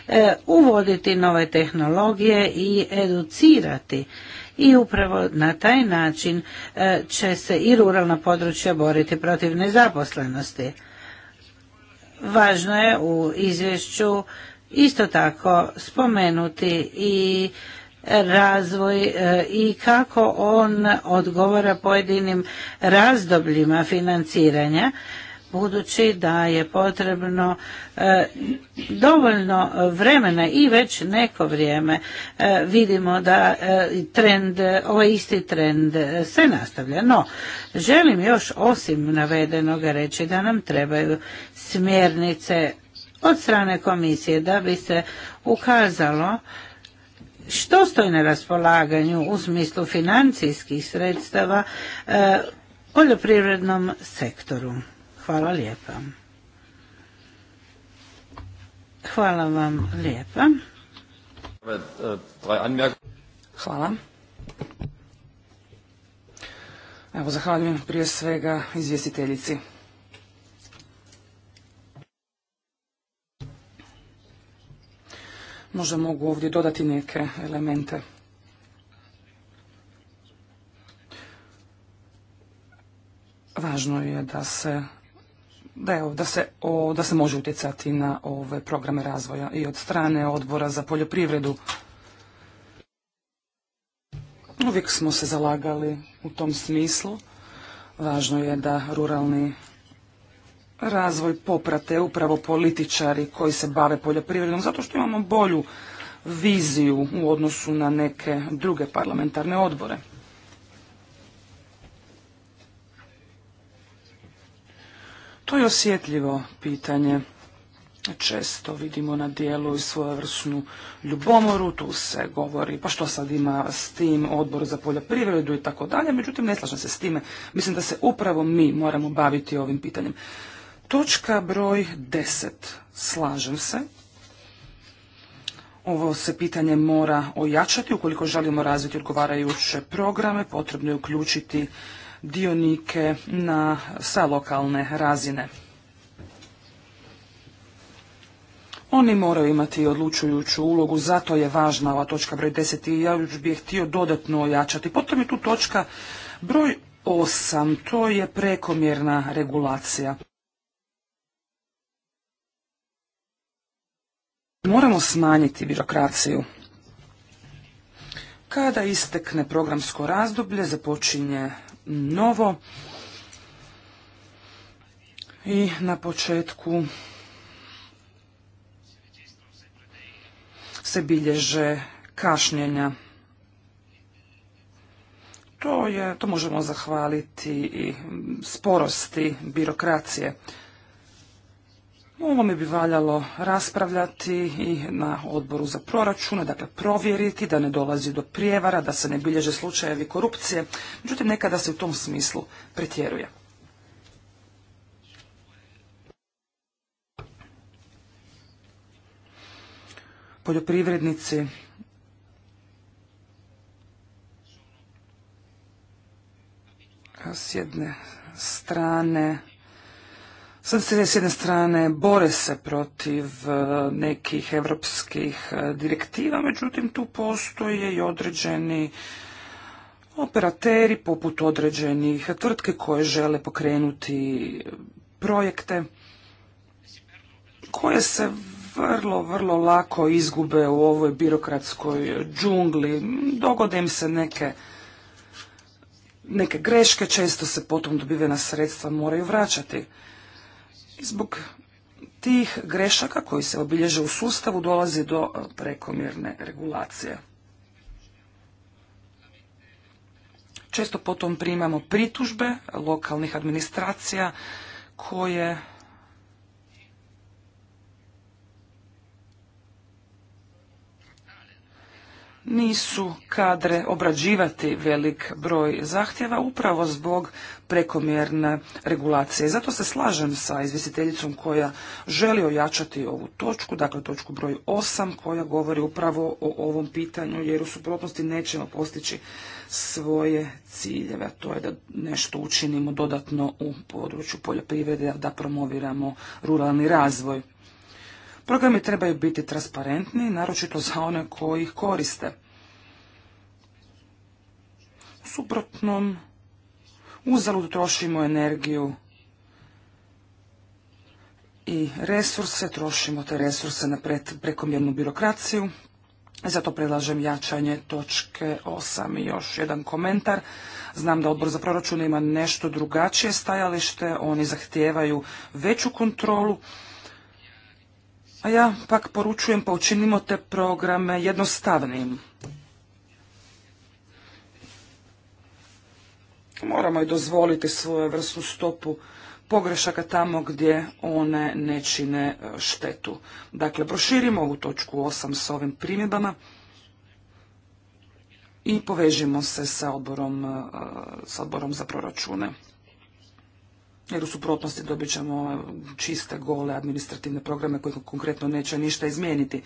Speaker 3: e, uvoditi nove tehnologije i educirati i upravo na taj način e, će se i ruralna područja boriti protiv nezaposlenosti. Važno je u izvješću isto tako spomenuti i razvoj e, i kako on odgovara pojedinim razdobljima financiranja budući da je potrebno e, dovoljno vremena i već neko vrijeme e, vidimo da e, trend, ovaj isti trend se nastavlja. No, želim još osim navedenoga reći da nam trebaju smjernice od strane komisije da bi se ukazalo što stoji na raspolaganju u smislu financijskih sredstava poljoprivrednom sektoru. Hvala lijepa. Hvala vam lijepa.
Speaker 1: Hvala. Evo, zahvaljujem prije svega izvjestiteljici. Možda mogu ovdje dodati neke elemente. Važno je da se da, evo, da, se, da se može utjecati na ove programe razvoja i od strane odbora za poljoprivredu. Uvijek smo se zalagali u tom smislu. Važno je da ruralni razvoj poprate upravo političari koji se bave poljoprivredom, zato što imamo bolju viziju u odnosu na neke druge parlamentarne odbore. To je osjetljivo pitanje. Često vidimo na dijelu i svojevrsnu ljubomoru, tu se govori pa što sad ima s tim odbor za poljoprivredu i tako dalje, međutim ne slažem se s time. Mislim da se upravo mi moramo baviti ovim pitanjem. Točka broj 10. Slažem se. Ovo se pitanje mora ojačati. Ukoliko želimo razviti odgovarajuće programe, potrebno je uključiti dionike na, sa lokalne razine. Oni moraju imati odlučujuću ulogu, zato je važna ova točka broj 10 i ja još bih je htio dodatno ojačati. Potom je tu točka broj 8, to je prekomjerna regulacija. Moramo smanjiti birokraciju. Kada istekne programsko razdoblje, započinje novo. I na početku se bilježe kašnjenja. To, je, to možemo zahvaliti i sporosti birokracije. O ovome bi valjalo raspravljati i na odboru za proračune, dakle provjeriti da ne dolazi do prijevara, da se ne bilježe slučajevi korupcije, međutim nekada se u tom smislu pretjeruje. Poljoprivrednici s jedne strane Sad se s jedne strane bore se protiv e, nekih evropskih e, direktiva, međutim tu postoje i određeni operateri poput određenih tvrtke koje žele pokrenuti projekte koje se vrlo, vrlo lako izgube u ovoj birokratskoj džungli. Dogode im se neke, neke greške, često se potom dobivena sredstva moraju vraćati zbog tih grešaka koji se obilježe u sustavu dolazi do e, prekomjerne regulacije. Često potom primamo pritužbe lokalnih administracija koje nisu kadre obrađivati velik broj zahtjeva upravo zbog prekomjerne regulacije. Zato se slažem sa izvjestiteljicom koja želi ojačati ovu točku, dakle točku broj 8 koja govori upravo o ovom pitanju jer u suprotnosti nećemo postići svoje ciljeve, a to je da nešto učinimo dodatno u području poljoprivrede, da promoviramo ruralni razvoj. Programi trebaju biti transparentni, naročito za one koji ih koriste. U suprotnom, uzalud trošimo energiju i resurse, trošimo te resurse na prekomjernu birokraciju. Zato predlažem jačanje točke 8 i još jedan komentar. Znam da odbor za proračun ima nešto drugačije stajalište, oni zahtijevaju veću kontrolu. A ja pak poručujem pa učinimo te programe jednostavnim. Dakle, moramo i dozvoliti svoju vrstu stopu pogrešaka tamo gdje one ne čine e, štetu. Dakle, proširimo ovu točku 8 s ovim primjedbama i povežimo se sa odborom, e, sa odborom za proračune. Jer u suprotnosti dobit ćemo čiste, gole administrativne programe koji konkretno neće ništa izmijeniti.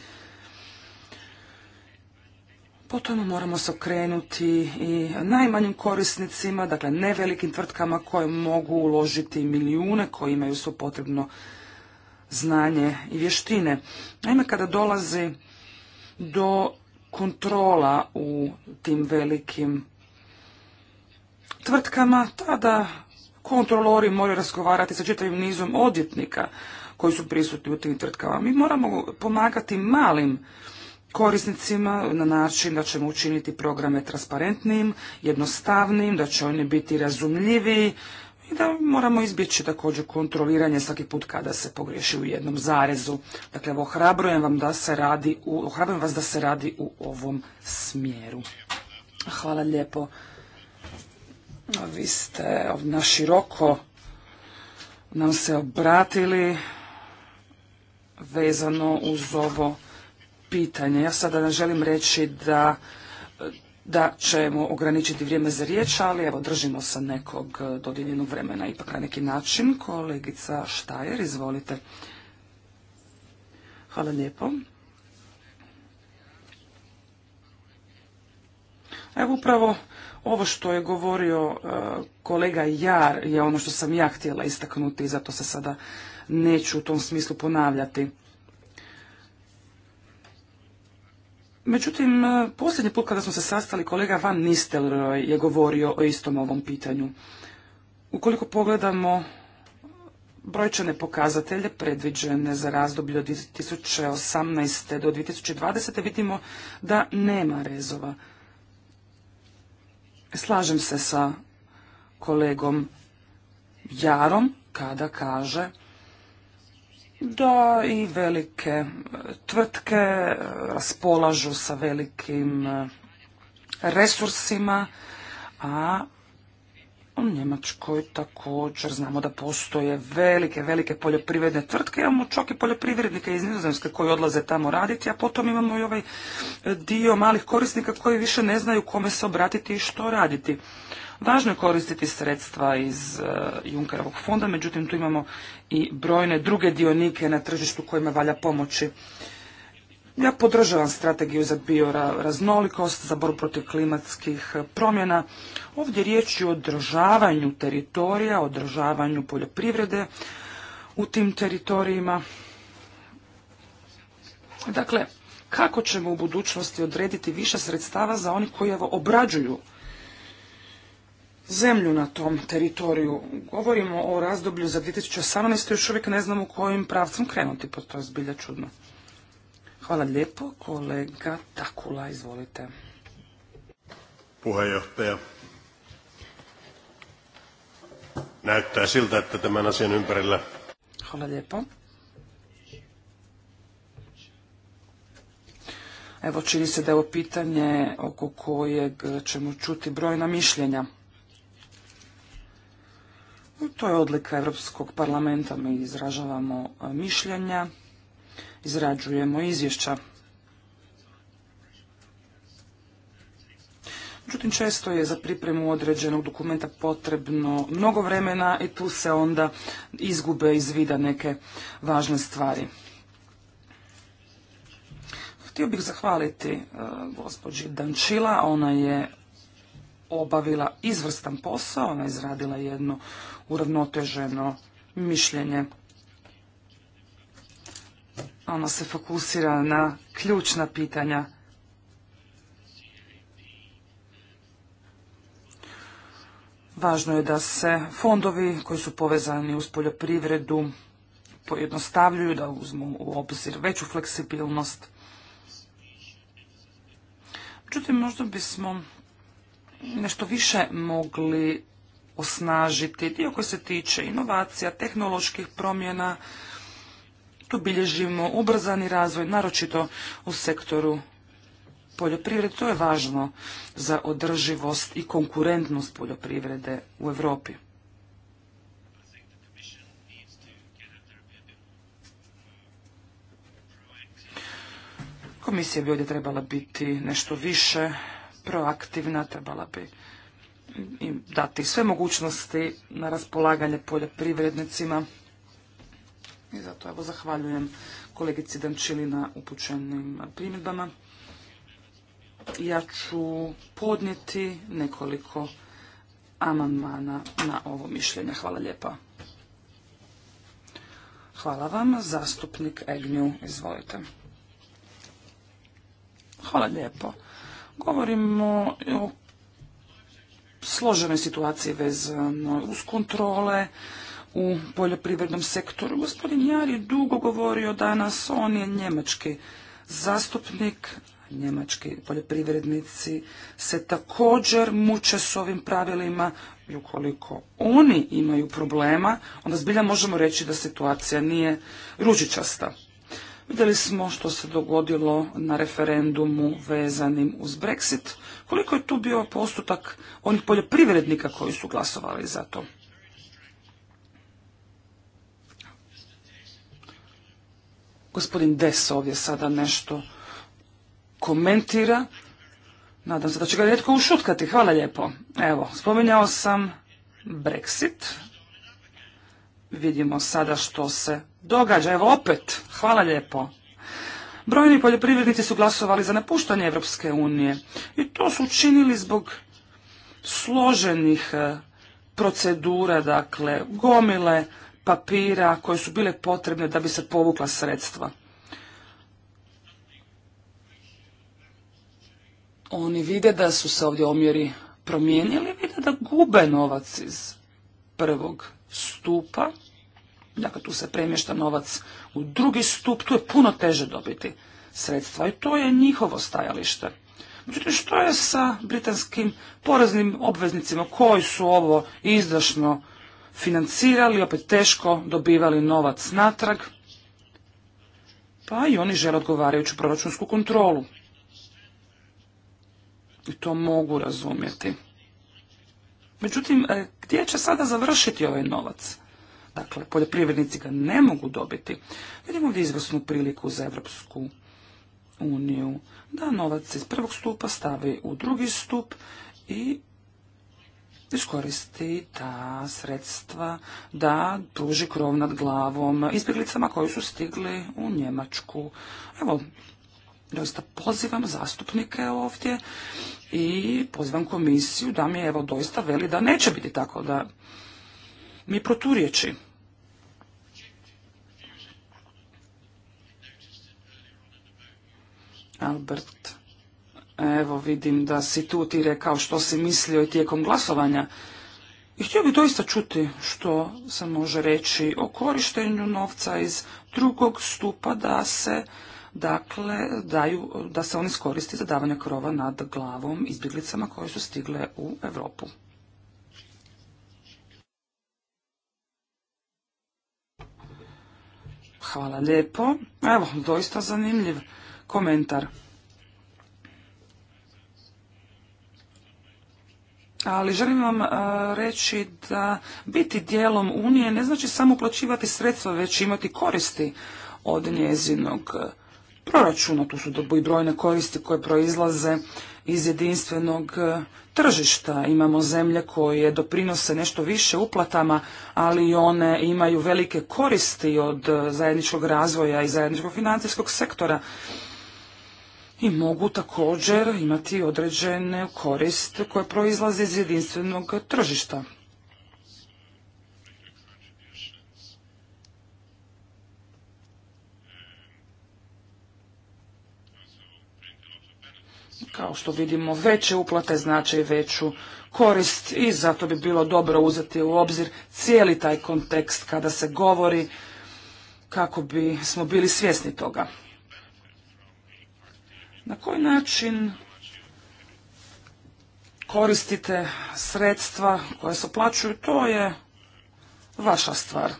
Speaker 1: Potom moramo se okrenuti i najmanjim korisnicima, dakle ne velikim tvrtkama koje mogu uložiti milijune, koji imaju svo potrebno znanje i vještine. Naime, kada dolazi do kontrola u tim velikim tvrtkama, tada kontrolori moraju razgovarati sa čitavim nizom odjetnika koji su prisutni u tim tvrtkama. Mi moramo pomagati malim korisnicima na način da ćemo učiniti programe transparentnim, jednostavnim, da će oni biti razumljiviji i da moramo izbjeći također kontroliranje svaki put kada se pogriješi u jednom zarezu. Dakle, evo, ohrabrujem, vam da se radi ohrabrujem vas da se radi u ovom smjeru. Hvala lijepo. Vi ste na široko nam se obratili vezano uz ovo pitanje. Ja sada ne želim reći da da ćemo ograničiti vrijeme za riječ, ali evo držimo se nekog dodijeljenog vremena ipak na neki način. Kolegica Štajer, izvolite. Hvala lijepo. Evo upravo ovo što je govorio e, kolega Jar je ono što sam ja htjela istaknuti i zato se sada neću u tom smislu ponavljati. Međutim, e, posljednji put kada smo se sastali, kolega Van Nistelrooy je govorio o istom ovom pitanju. Ukoliko pogledamo brojčane pokazatelje predviđene za razdoblje od 2018. do 2020. vidimo da nema rezova. Slažem se sa kolegom Jarom kada kaže da i velike tvrtke raspolažu sa velikim eh, resursima, a u Njemačkoj također znamo da postoje velike, velike poljoprivredne tvrtke, imamo čak i poljoprivrednike iz Nizozemske koji odlaze tamo raditi, a potom imamo i ovaj dio malih korisnika koji više ne znaju kome se obratiti i što raditi. Važno je koristiti sredstva iz e, Junkerovog fonda, međutim tu imamo i brojne druge dionike na tržištu kojima valja pomoći. Ja podržavam strategiju za bioraznolikost, za borbu protiv klimatskih eh, promjena. Ovdje riječ je o održavanju teritorija, održavanju poljoprivrede u tim teritorijima. Dakle, kako ćemo u budućnosti odrediti više sredstava za oni koji evo obrađuju zemlju na tom teritoriju. Govorimo o razdoblju za 2018. još uvijek ne znamo kojim pravcem krenuti, pa to je zbilja čudno. Hvala lijepo. Kolega Takula, izvolite.
Speaker 2: Puheenjohtaja. Näyttää siltä, että tämän asian ympärillä...
Speaker 1: Hvala lijepo. Evo čini se da je ovo pitanje oko kojeg ćemo čuti brojna mišljenja. To je odlika Evropskog parlamenta, mi izražavamo mišljenja, izrađujemo izvješća. Međutim, često je za pripremu određenog dokumenta potrebno mnogo vremena i tu se onda izgube iz vida neke važne stvari. Htio bih zahvaliti e, gospođi Dančila, ona je obavila izvrstan posao, ona je izradila jedno uravnoteženo mišljenje. Ono se fokusira na ključna pitanja. Važno je da se fondovi koji su povezani uz poljoprivredu pojednostavljuju, da uzmu u obzir veću fleksibilnost. Međutim, možda bismo nešto više mogli osnažiti dio koji se tiče inovacija, tehnoloških promjena, tu bilježimo ubrzani razvoj, naročito u sektoru poljoprivrede. To je važno za održivost i konkurentnost poljoprivrede u Europi. Komisija bi ovdje trebala biti nešto više proaktivna, trebala bi im dati sve mogućnosti na raspolaganje poljoprivrednicima. I zato evo zahvaljujem kolegici Dančili na upućenim primjedbama. Ja ću podnijeti nekoliko amandmana na ovo mišljenje. Hvala lijepa. Hvala vam. Zastupnik Egnju, izvolite. Hvala lijepo. Govorimo o složenoj situaciji vezano uz kontrole, u poljoprivrednom sektoru. Gospodin Jar je dugo govorio danas, on je njemački zastupnik, njemački poljoprivrednici se također muče s ovim pravilima i ukoliko oni imaju problema, onda zbilja možemo reći da situacija nije ružičasta. Vidjeli smo što se dogodilo na referendumu vezanim uz Brexit, koliko je tu bio postotak onih poljoprivrednika koji su glasovali za to. Gospodin Des ovdje sada nešto komentira. Nadam se da će ga netko ušutkati. Hvala lijepo. Evo, spominjao sam Brexit. Vidimo sada što se događa. Evo opet. Hvala lijepo. Brojni poljoprivrednici su glasovali za napuštanje Evropske unije i to su učinili zbog složenih eh, procedura, dakle, gomile papira koje su bile potrebne da bi se povukla sredstva. Oni vide da su se ovdje omjeri promijenili, vide da gube novac iz prvog stupa. Dakle, tu se premješta novac u drugi stup, tu je puno teže dobiti sredstva i to je njihovo stajalište. Međutim, što je sa britanskim poreznim obveznicima koji su ovo izdašno financirali, opet teško dobivali novac natrag, pa i oni žele odgovarajuću proračunsku kontrolu. I to mogu razumjeti. Međutim, e, gdje će sada završiti ovaj novac? Dakle, poljoprivrednici ga ne mogu dobiti. Vidimo ovdje izvrsnu priliku za Evropsku uniju da novac iz prvog stupa stavi u drugi stup i iskoristi ta sredstva da pruži krov nad glavom izbjeglicama koji su stigli u Njemačku. Evo, doista pozivam zastupnike ovdje i pozivam komisiju da mi evo doista veli da neće biti tako da mi proturječi. Albert Evo vidim da si tu ti rekao što si mislio i tijekom glasovanja. I htio bi doista čuti što se može reći o korištenju novca iz drugog stupa da se dakle daju, da se on iskoristi za davanje krova nad glavom izbjeglicama koje su stigle u Europu. Hvala lijepo. Evo, doista zanimljiv komentar. ali želim vam e, reći da biti dijelom Unije ne znači samo uplaćivati sredstva, već imati koristi od njezinog e, proračuna. Tu su i brojne koristi koje proizlaze iz jedinstvenog e, tržišta. Imamo zemlje koje doprinose nešto više uplatama, ali one imaju velike koristi od zajedničkog razvoja i zajedničkog financijskog sektora i mogu također imati određene korist koje proizlaze iz jedinstvenog tržišta. Kao što vidimo, veće uplate znače i veću korist i zato bi bilo dobro uzeti u obzir cijeli taj kontekst kada se govori kako bi smo bili svjesni toga. Na koji način koristite sredstva koja se plaćuju, to je vaša stvar.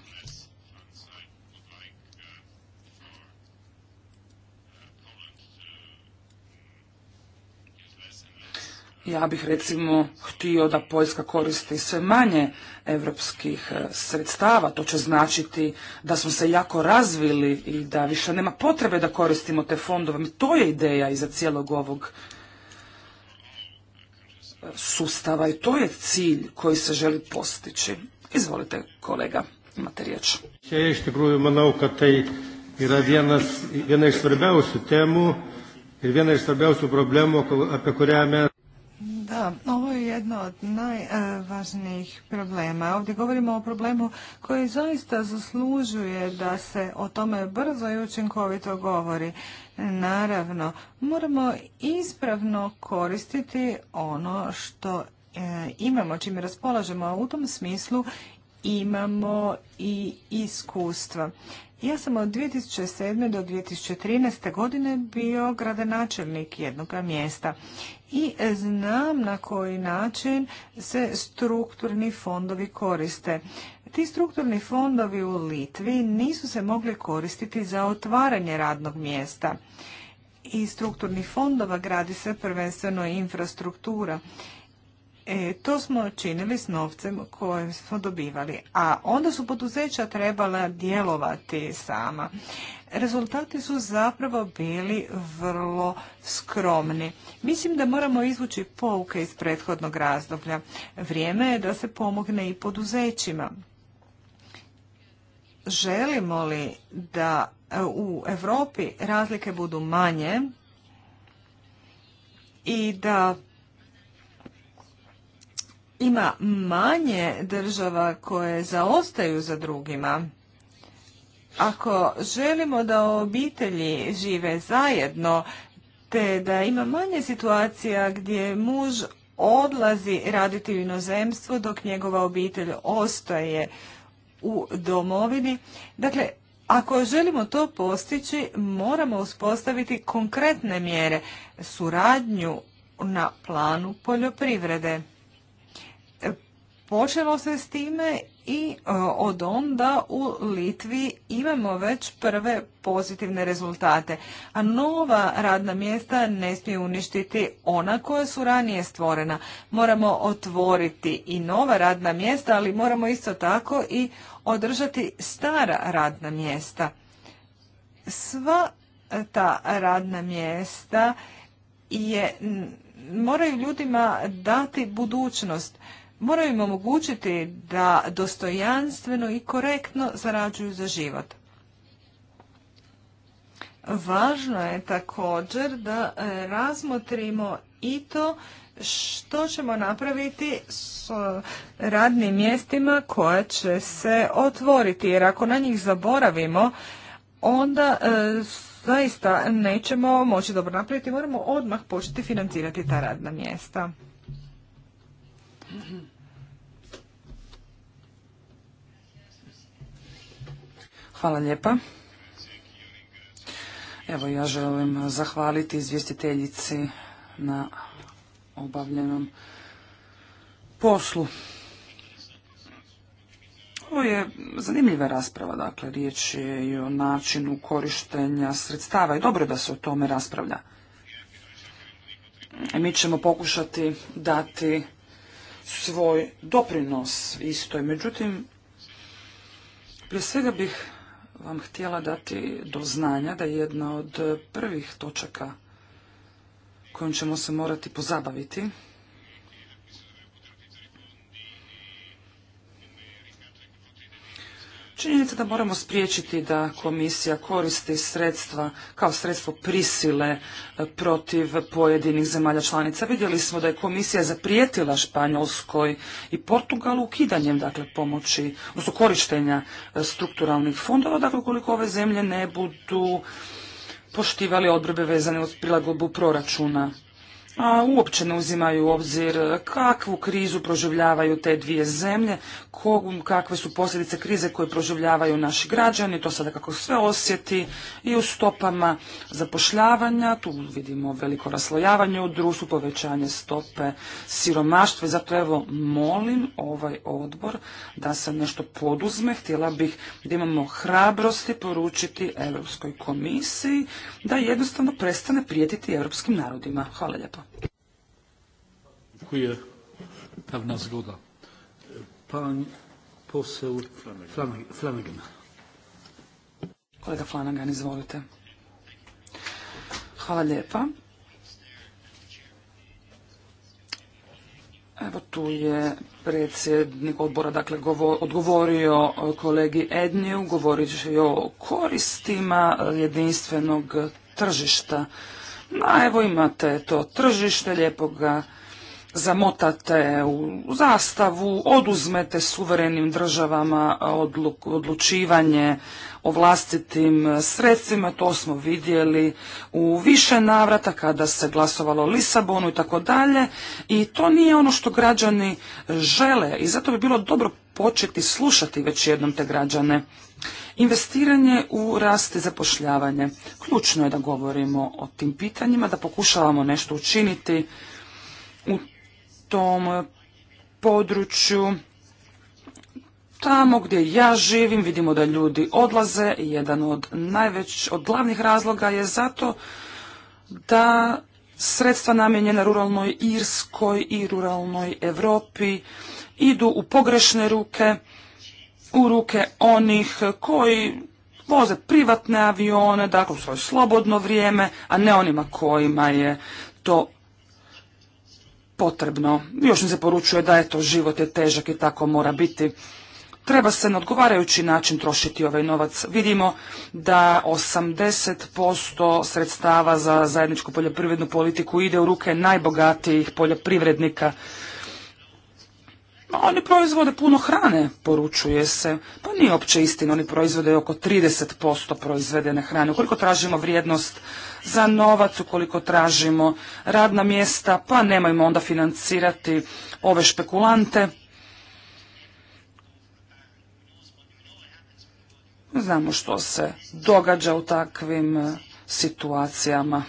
Speaker 1: Ja bih recimo htio da Poljska koristi sve manje europskih e, sredstava. To će značiti da smo se jako razvili i da više nema potrebe da koristimo te fondove. To je ideja iza cijelog ovog e, sustava i to je cilj koji se želi postići. Izvolite kolega, imate riječ.
Speaker 3: što yra vienas, viena iš svarbiausių temų ir viena iš svarbiausių problemų, apie kurią mes
Speaker 2: ovo je jedno od najvažnijih problema. Ovdje govorimo o problemu koji zaista zaslužuje da se o tome brzo i učinkovito govori. Naravno, moramo ispravno koristiti ono što e, imamo, čime raspolažemo, a u tom smislu imamo i iskustva. Ja sam od 2007. do 2013. godine bio gradonačelnik jednog mjesta i znam na koji način se strukturni fondovi koriste. Ti strukturni fondovi u Litvi nisu se mogli koristiti za otvaranje radnog mjesta. I strukturnih fondova gradi se prvenstveno infrastruktura E, to smo činili s novcem koje smo dobivali, a onda su poduzeća trebala djelovati sama. Rezultati su zapravo bili vrlo skromni. Mislim da moramo izvući pouke iz prethodnog razdoblja. Vrijeme je da se pomogne i poduzećima. Želimo li da e, u Europi razlike budu manje i da ima manje država koje zaostaju za drugima. Ako želimo da obitelji žive zajedno, te da ima manje situacija gdje muž odlazi raditi u inozemstvo dok njegova obitelj ostaje u domovini. Dakle, ako želimo to postići, moramo uspostaviti konkretne mjere, suradnju na planu poljoprivrede. Počelo se s time i e, od onda u Litvi imamo već prve pozitivne rezultate, a nova radna mjesta ne smije uništiti ona koja su ranije stvorena. Moramo otvoriti i nova radna mjesta, ali moramo isto tako i održati stara radna mjesta. Sva ta radna mjesta je, moraju ljudima dati budućnost moraju im omogućiti da dostojanstveno i korektno zarađuju za život. Važno je također da e, razmotrimo i to što ćemo napraviti s e, radnim mjestima koja će se otvoriti, jer ako na njih zaboravimo, onda e, zaista nećemo moći dobro napraviti, moramo odmah početi financirati ta radna mjesta.
Speaker 1: Hvala lijepa. Evo ja želim zahvaliti izvjestiteljici na obavljenom poslu. Ovo je zanimljiva rasprava, dakle, riječ je i o načinu korištenja sredstava i dobro je da se o tome raspravlja. Mi ćemo pokušati dati svoj doprinos istoj. Međutim, prije svega bih vam htjela dati do znanja da je jedna od prvih točaka kojom ćemo se morati pozabaviti Činjenica da moramo spriječiti da komisija koristi sredstva kao sredstvo prisile e, protiv pojedinih zemalja članica. Vidjeli smo da je komisija zaprijetila Španjolskoj i Portugalu ukidanjem dakle, pomoći, odnosno korištenja e, strukturalnih fondova, dakle ukoliko ove zemlje ne budu poštivali odredbe vezane uz prilagodbu proračuna a uopće ne uzimaju u obzir kakvu krizu proživljavaju te dvije zemlje, kakve su posljedice krize koje proživljavaju naši građani, to sada kako sve osjeti i u stopama zapošljavanja, tu vidimo veliko raslojavanje u društvu, povećanje stope siromaštva i zato evo molim ovaj odbor da se nešto poduzme, htjela bih da imamo hrabrosti poručiti Europskoj komisiji da jednostavno prestane prijetiti europskim narodima. Hvala lijepo.
Speaker 4: Dziękuję. Pewna zgoda.
Speaker 1: Pan poseł Flanagan. Kolega Flanagan, izvolite. Hvala lijepa. Evo tu je predsjednik odbora dakle odgovorio kolegi Edniju, govorit će o koristima jedinstvenog tržišta. A evo imate to tržište, lijepo ga zamotate u zastavu, oduzmete suverenim državama odlučivanje o vlastitim sredstvima, to smo vidjeli u više navrata kada se glasovalo o Lisabonu i tako dalje i to nije ono što građani žele i zato bi bilo dobro početi slušati već jednom te građane. Investiranje u rast i zapošljavanje. Ključno je da govorimo o tim pitanjima, da pokušavamo nešto učiniti u tom području. Tamo gdje ja živim vidimo da ljudi odlaze jedan od najveć, od glavnih razloga je zato da sredstva namijenjena ruralnoj Irskoj i ruralnoj Europi idu u pogrešne ruke u ruke onih koji voze privatne avione, dakle u svoje slobodno vrijeme, a ne onima kojima je to potrebno. Još mi se poručuje da je to život je težak i tako mora biti. Treba se na odgovarajući način trošiti ovaj novac. Vidimo da 80% sredstava za zajedničku poljoprivrednu politiku ide u ruke najbogatijih poljoprivrednika. Oni proizvode puno hrane, poručuje se. Pa nije opće istina, oni proizvode oko 30% proizvedene hrane. Ukoliko tražimo vrijednost za novac, ukoliko tražimo radna mjesta, pa nemojmo onda financirati ove špekulante. Znamo što se događa u takvim situacijama.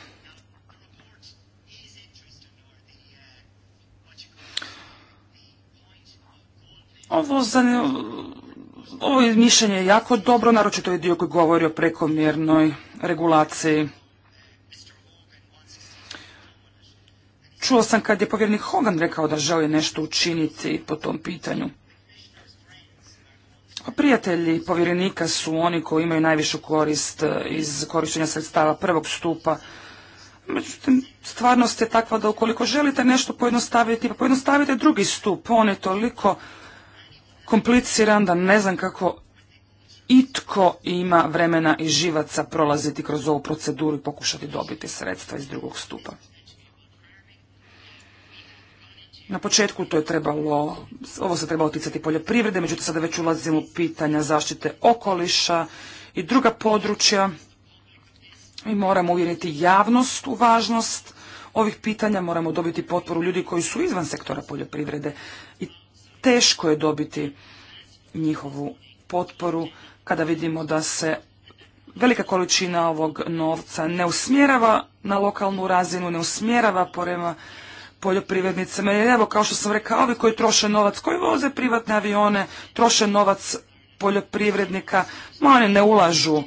Speaker 1: Ovo, ovo mišljenje je jako dobro, naročito je ovaj dio koji govori o prekomjernoj regulaciji. Čuo sam kad je povjernik Hogan rekao da želi nešto učiniti po tom pitanju. Pa prijatelji povjerenika su oni koji imaju najvišu korist e, iz korištenja sredstava prvog stupa. Međutim, stvarnost je takva da ukoliko želite nešto pojednostaviti, pa pojednostavite drugi stup. On je toliko kompliciran da ne znam kako itko ima vremena i živaca prolaziti kroz ovu proceduru i pokušati dobiti sredstva iz drugog stupa. Na početku to je trebalo, ovo se trebalo ticati poljoprivrede, međutim sada već ulazimo u pitanja zaštite okoliša i druga područja. Mi moramo uvjeriti javnost u važnost ovih pitanja, moramo dobiti potporu ljudi koji su izvan sektora poljoprivrede i teško je dobiti njihovu potporu kada vidimo da se velika količina ovog novca ne usmjerava na lokalnu razinu, ne usmjerava prema poljoprivrednicama. Jer evo, kao što sam rekao, ovi koji troše novac, koji voze privatne avione, troše novac poljoprivrednika, oni ne ulažu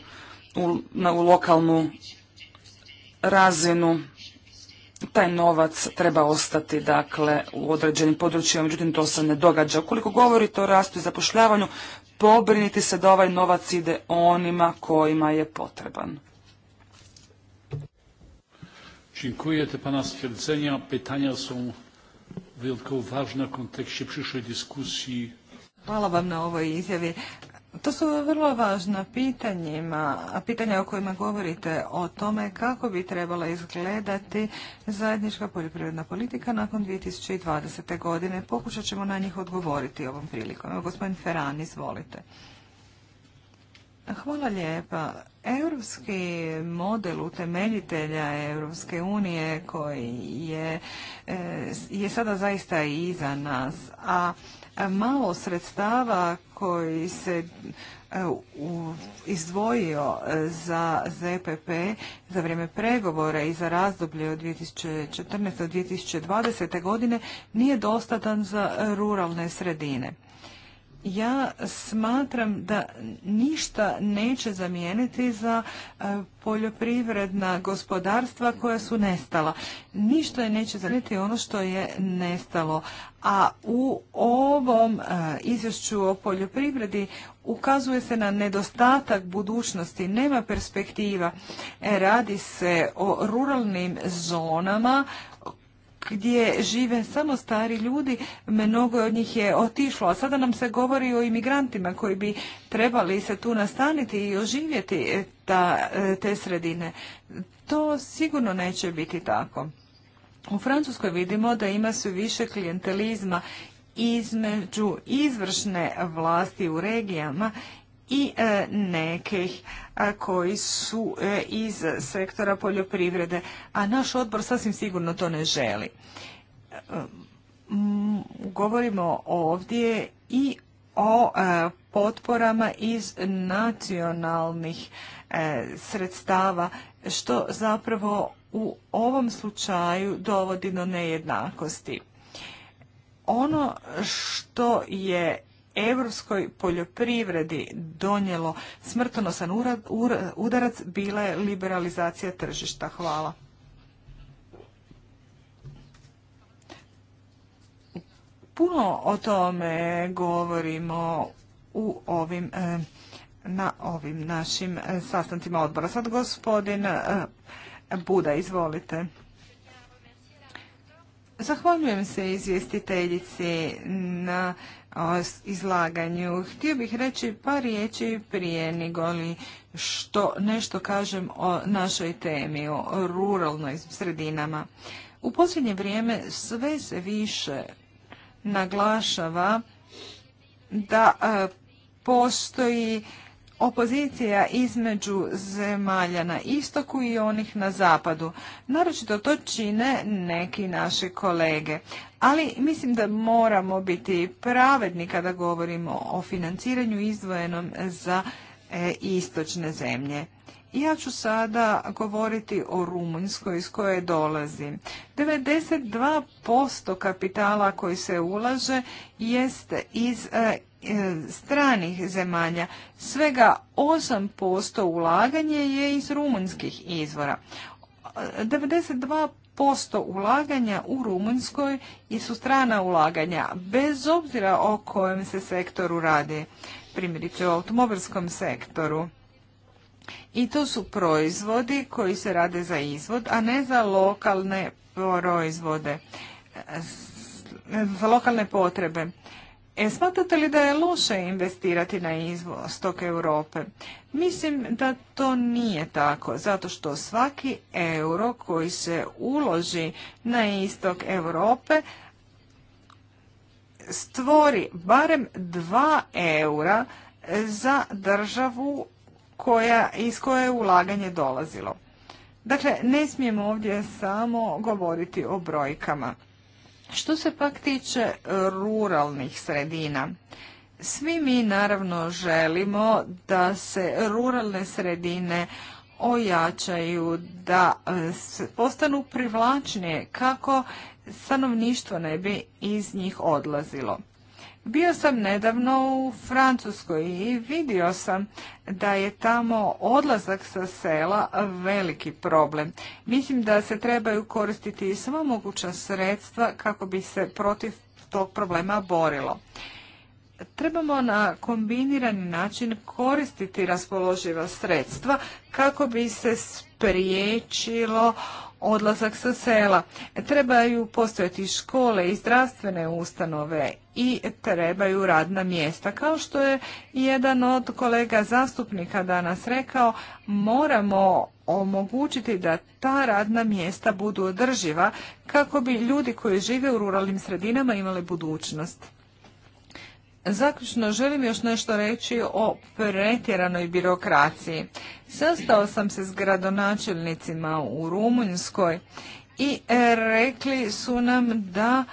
Speaker 1: na, u lokalnu razinu taj novac treba ostati dakle u određenim područjima, međutim to se ne događa. Ukoliko govorite o rastu i zapošljavanju, pobriniti se da ovaj novac ide onima kojima je potreban. Dziękuję. Te Pana stwierdzenia, pytania są wyjątkowo ważne w kontekście przyszłej dyskusji. Hvala vam na ovoj
Speaker 2: izjavi. To su vrlo važna pitanjima, pitanja o kojima govorite o tome kako bi trebala izgledati zajednička poljoprivredna politika nakon 2020. godine. Pokušat ćemo na njih odgovoriti ovom prilikom. Evo, gospodin Ferran, izvolite. Hvala lijepa. Europski model utemeljitelja Europske unije koji je, e, je sada zaista iza nas, a malo sredstava koji se e, izdvojio za ZPP za vrijeme pregovora i za razdoblje od 2014. do 2020. godine nije dostatan za ruralne sredine ja smatram da ništa neće zamijeniti za e, poljoprivredna gospodarstva koja su nestala. Ništa neće zamijeniti ono što je nestalo. A u ovom e, izvješću o poljoprivredi ukazuje se na nedostatak budućnosti, nema perspektiva. E, radi se o ruralnim zonama gdje žive samo stari ljudi, mnogo od njih je otišlo. A sada nam se govori o imigrantima koji bi trebali se tu nastaniti i oživjeti e, ta, e, te sredine. To sigurno neće biti tako. U Francuskoj vidimo da ima sve više klijentelizma između izvršne vlasti u regijama i e, nekih koji su e, iz sektora poljoprivrede, a naš odbor sasvim sigurno to ne želi. E, govorimo ovdje i o potporama iz nacionalnih sredstava, što zapravo u ovom slučaju dovodi do nejednakosti. Ono što je europskoj poljoprivredi donijelo smrtonosan udarac bila je liberalizacija tržišta. Hvala. Puno o tome govorimo u ovim, e, na ovim našim e, sastancima odbora. Sad gospodin e, Buda, izvolite. Zahvaljujem se izvjestiteljici na izlaganju. Htio bih reći par riječi prije negoli što nešto kažem o našoj temi, o ruralnoj sredinama. U posljednje vrijeme sve se više naglašava da e, postoji opozicija između zemalja na istoku i onih na zapadu. Naročito to čine neki naši kolege. Ali mislim da moramo biti pravedni kada govorimo o financiranju izdvojenom za e, istočne zemlje. Ja ću sada govoriti o Rumunjskoj iz koje dolazim. 92% kapitala koji se ulaže jest iz e, E, stranih zemalja. Svega 8% ulaganje je iz rumunskih izvora. 92% ulaganja u Rumunjskoj su strana ulaganja, bez obzira o kojem se sektoru radi, primjerice u automobilskom sektoru. I to su proizvodi koji se rade za izvod, a ne za lokalne proizvode, za lokalne potrebe. E, Smatrate li da je loše investirati na istok Europe? Mislim da to nije tako, zato što svaki euro koji se uloži na istok Europe stvori barem dva eura za državu koja, iz koje je ulaganje dolazilo. Dakle, ne smijemo ovdje samo govoriti o brojkama. Što se pak tiče e, ruralnih sredina, svi mi naravno želimo da se ruralne sredine ojačaju, da e, postanu privlačnije kako stanovništvo ne bi iz njih odlazilo. Bio sam nedavno u Francuskoj i vidio sam da je tamo odlazak sa sela veliki problem. Mislim da se trebaju koristiti sva moguća sredstva kako bi se protiv tog problema borilo. Trebamo na kombinirani način koristiti raspoloživa sredstva kako bi se spriječilo odlazak sa sela. Trebaju postojati škole i zdravstvene ustanove i trebaju radna mjesta. Kao što je jedan od kolega zastupnika danas rekao, moramo omogućiti da ta radna mjesta budu održiva kako bi ljudi koji žive u ruralnim sredinama imali budućnost. Zaključno želim još nešto reći o pretjeranoj birokraciji. Sastao sam se s gradonačelnicima u Rumunjskoj i e, rekli su nam da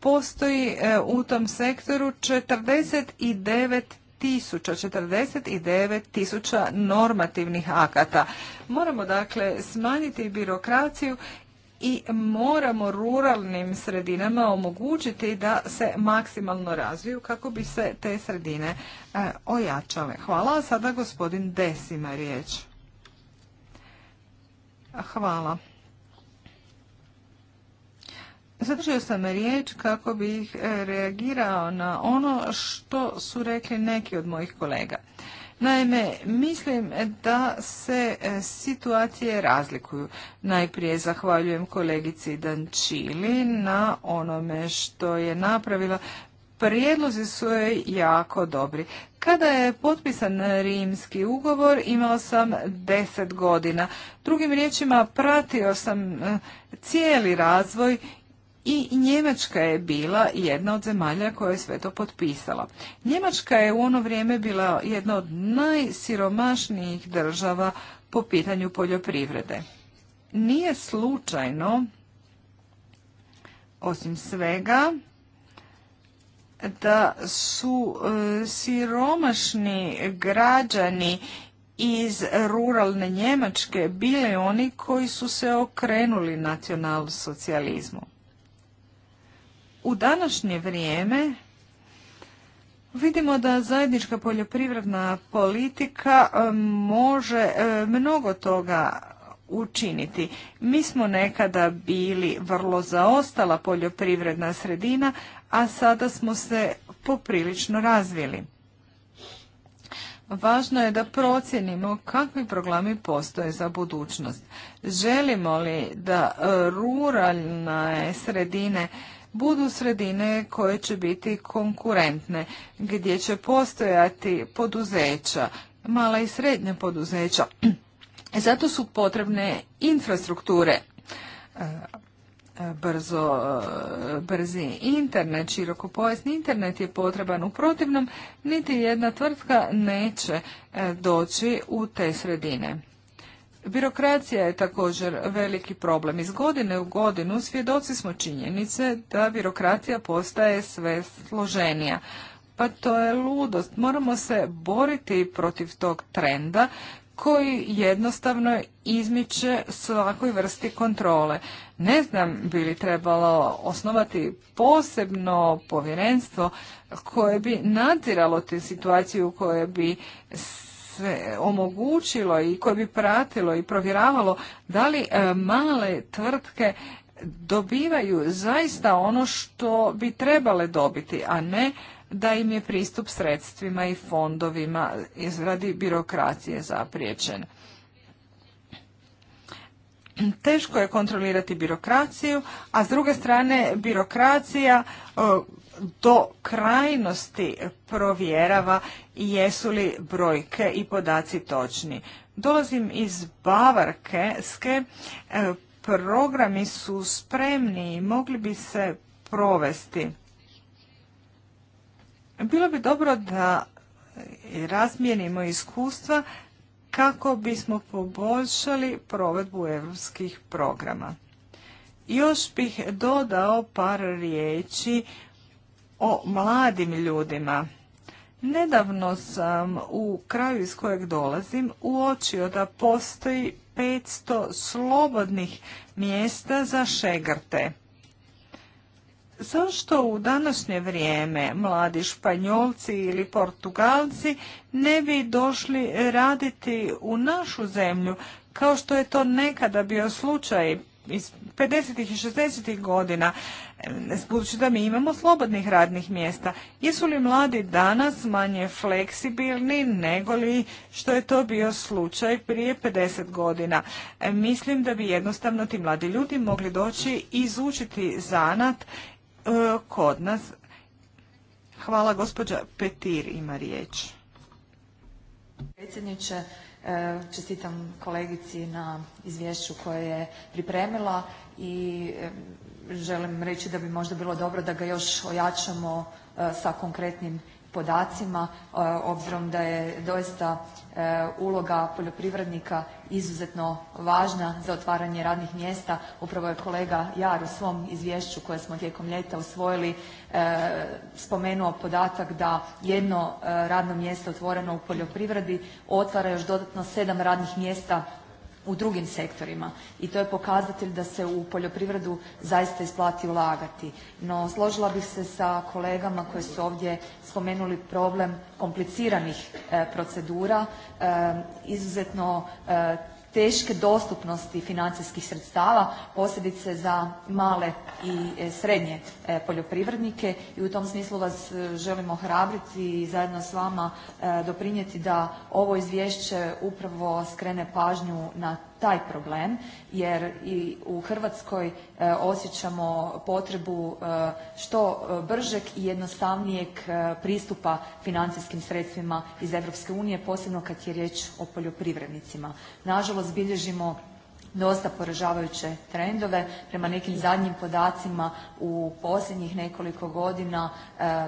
Speaker 2: postoji e, u tom sektoru 49 tisuća, 49 tisuća normativnih akata. Moramo dakle smanjiti birokraciju i moramo ruralnim sredinama omogućiti da se maksimalno razviju kako bi se te sredine e, ojačale. Hvala. Sada gospodin Desima riječ. Hvala. Zadržio sam riječ kako bih e, reagirao na ono što su rekli neki od mojih kolega. Naime, mislim da se e, situacije razlikuju. Najprije zahvaljujem kolegici Dančili na onome što je napravila. Prijedlozi su joj jako dobri. Kada je potpisan rimski ugovor imao sam deset godina. Drugim riječima pratio sam e, cijeli razvoj i Njemačka je bila jedna od zemalja koja je sve to potpisala. Njemačka je u ono vrijeme bila jedna od najsiromašnijih država po pitanju poljoprivrede. Nije slučajno, osim svega, da su e, siromašni građani iz ruralne Njemačke bili oni koji su se okrenuli nacionalsocijalizmu. U današnje vrijeme vidimo da zajednička poljoprivredna politika može mnogo toga učiniti. Mi smo nekada bili vrlo zaostala poljoprivredna sredina, a sada smo se poprilično razvili. Važno je da procjenimo kakvi programi postoje za budućnost. Želimo li da e, ruralne sredine budu sredine koje će biti konkurentne, gdje će postojati poduzeća, mala i srednja poduzeća. E, zato su potrebne infrastrukture, e, brzo, e, brzi internet, širokopojasni internet je potreban. U protivnom, niti jedna tvrtka neće doći u te sredine. Birokracija je također veliki problem. Iz godine u godinu svjedoci smo činjenice da birokracija postaje sve složenija. Pa to je ludost. Moramo se boriti protiv tog trenda koji jednostavno izmiče svakoj vrsti kontrole. Ne znam bi li trebalo osnovati posebno povjerenstvo koje bi nadziralo te situaciju koje bi se omogućilo i koje bi pratilo i provjeravalo da li e, male tvrtke dobivaju zaista ono što bi trebale dobiti, a ne da im je pristup sredstvima i fondovima izradi birokracije zapriječen. Teško je kontrolirati birokraciju, a s druge strane birokracija e, do krajnosti provjerava jesu li brojke i podaci točni. Dolazim iz Bavarke, e, programi su spremni i mogli bi se provesti. Bilo bi dobro da razmijenimo iskustva kako bismo poboljšali provedbu europskih programa. Još bih dodao par riječi o mladim ljudima. Nedavno sam u kraju iz kojeg dolazim uočio da postoji 500 slobodnih mjesta za šegrte. Zašto u današnje vrijeme mladi Španjolci ili Portugalci ne bi došli raditi u našu zemlju, kao što je to nekada bio slučaj iz 50. i 60. godina, budući da mi imamo slobodnih radnih mjesta. Jesu li mladi danas manje fleksibilni nego li što je to bio slučaj prije 50 godina? Mislim da bi jednostavno ti mladi ljudi mogli doći i izučiti zanat e, kod nas. Hvala gospođa Petir ima riječ.
Speaker 4: Predsjedniče, E, čestitam kolegici na izvješću koje je pripremila i e, želim reći da bi možda bilo dobro da ga još ojačamo e, sa konkretnim podacima e, obzirom da je doista e, uloga poljoprivrednika izuzetno važna za otvaranje radnih mjesta. Upravo je kolega Jar u svom izvješću koje smo tijekom ljeta usvojili e, spomenuo podatak da jedno radno mjesto otvoreno u poljoprivredi otvara još dodatno sedam radnih mjesta u drugim sektorima i to je pokazatelj da se u poljoprivredu zaista isplati ulagati. No, složila bih se sa kolegama koji su ovdje spomenuli problem kompliciranih e, procedura, e, izuzetno e, teške dostupnosti financijskih sredstava posebice za male i srednje poljoprivrednike i u tom smislu vas želim ohrabriti i zajedno s vama doprinijeti da ovo izvješće upravo skrene pažnju na taj problem jer i u Hrvatskoj e, osjećamo potrebu e, što e, bržeg i jednostavnijeg pristupa financijskim sredstvima iz Europske unije posebno kad je riječ o poljoprivrednicima. Nažalost bilježimo dosta poražavajuće trendove. Prema nekim zadnjim podacima u posljednjih nekoliko godina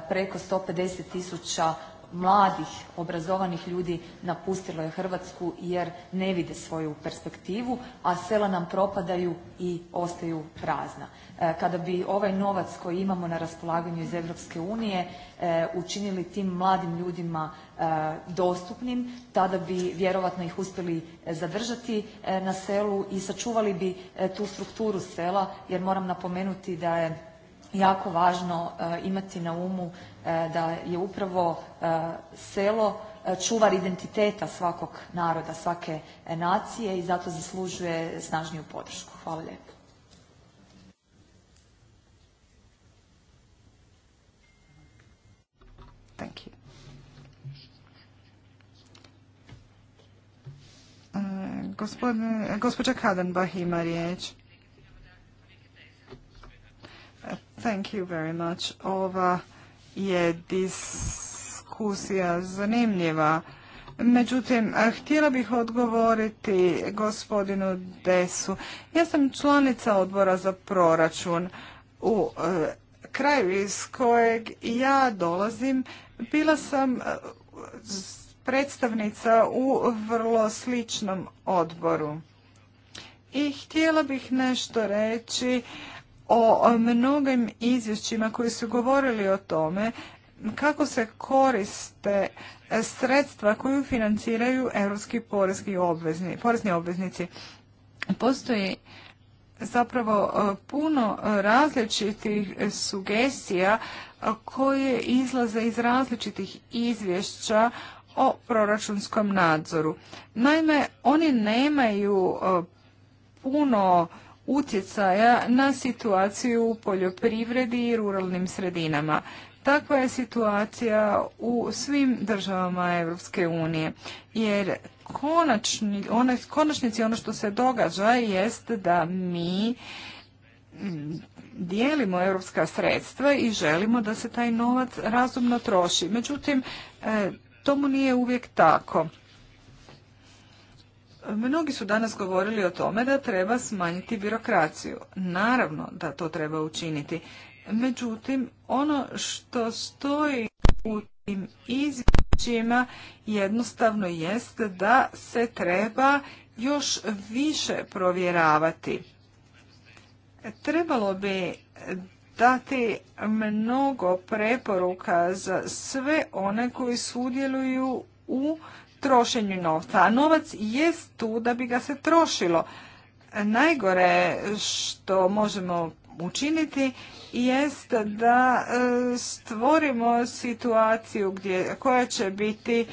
Speaker 4: preko 150 tisuća mladih obrazovanih ljudi napustilo je Hrvatsku jer ne vide svoju perspektivu, a sela nam propadaju i ostaju prazna. E, kada bi ovaj novac koji imamo na raspolaganju iz Europske unije e, učinili tim mladim ljudima e, dostupnim tada bi vjerojatno ih uspjeli zadržati na selu i sačuvali bi tu strukturu sela jer moram napomenuti da je jako važno imati na umu E, da je upravo e, selo e, čuvar identiteta svakog naroda, svake nacije i zato zaslužuje snažniju podršku. Hvala lijepo.
Speaker 2: Thank you. gospođa Kadenbach ima riječ. Thank you very much. Ova je diskusija zanimljiva. Međutim, htjela bih odgovoriti gospodinu Desu. Ja sam članica odbora za proračun u e, kraju iz kojeg ja dolazim. Bila sam e, predstavnica u vrlo sličnom odboru. I htjela bih nešto reći o mnogim izvješćima koji su govorili o tome kako se koriste sredstva koju financiraju europski poreski obvezni, porezni obveznici. Postoji zapravo e, puno različitih sugestija e, koje izlaze iz različitih izvješća o proračunskom nadzoru. Naime, oni nemaju e, puno utjecaja na situaciju u poljoprivredi i ruralnim sredinama. Takva je situacija u svim državama Europske unije, jer konačni, konačnici ono što se događa jest da mi mm, dijelimo europska sredstva i želimo da se taj novac razumno troši. Međutim, e, tomu nije uvijek tako. Mnogi su danas govorili o tome da treba smanjiti birokraciju. Naravno da to treba učiniti. Međutim, ono što stoji u tim izvješćima jednostavno jest da se treba još više provjeravati. Trebalo bi dati mnogo preporuka za sve one koji sudjeluju u trošenju novca, a novac jest tu da bi ga se trošilo. Najgore što možemo učiniti jest da e, stvorimo situaciju gdje, koja će biti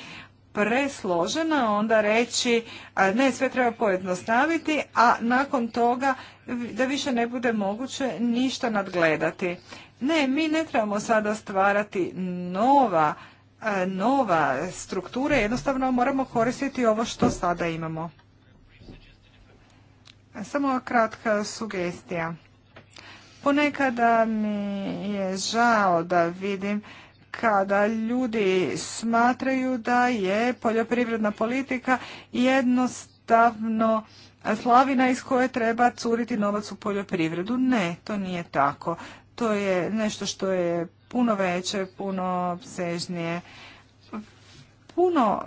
Speaker 2: presložena, onda reći ne, sve treba pojednostaviti, a nakon toga da više ne bude moguće ništa nadgledati. Ne, mi ne trebamo sada stvarati nova E, nova struktura, jednostavno moramo koristiti ovo što sada imamo. E, samo kratka sugestija. Ponekada mi je žao da vidim kada ljudi smatraju da je poljoprivredna politika jednostavno slavina iz koje treba curiti novac u poljoprivredu. Ne, to nije tako. To je nešto što je puno veće, puno obsežnije, puno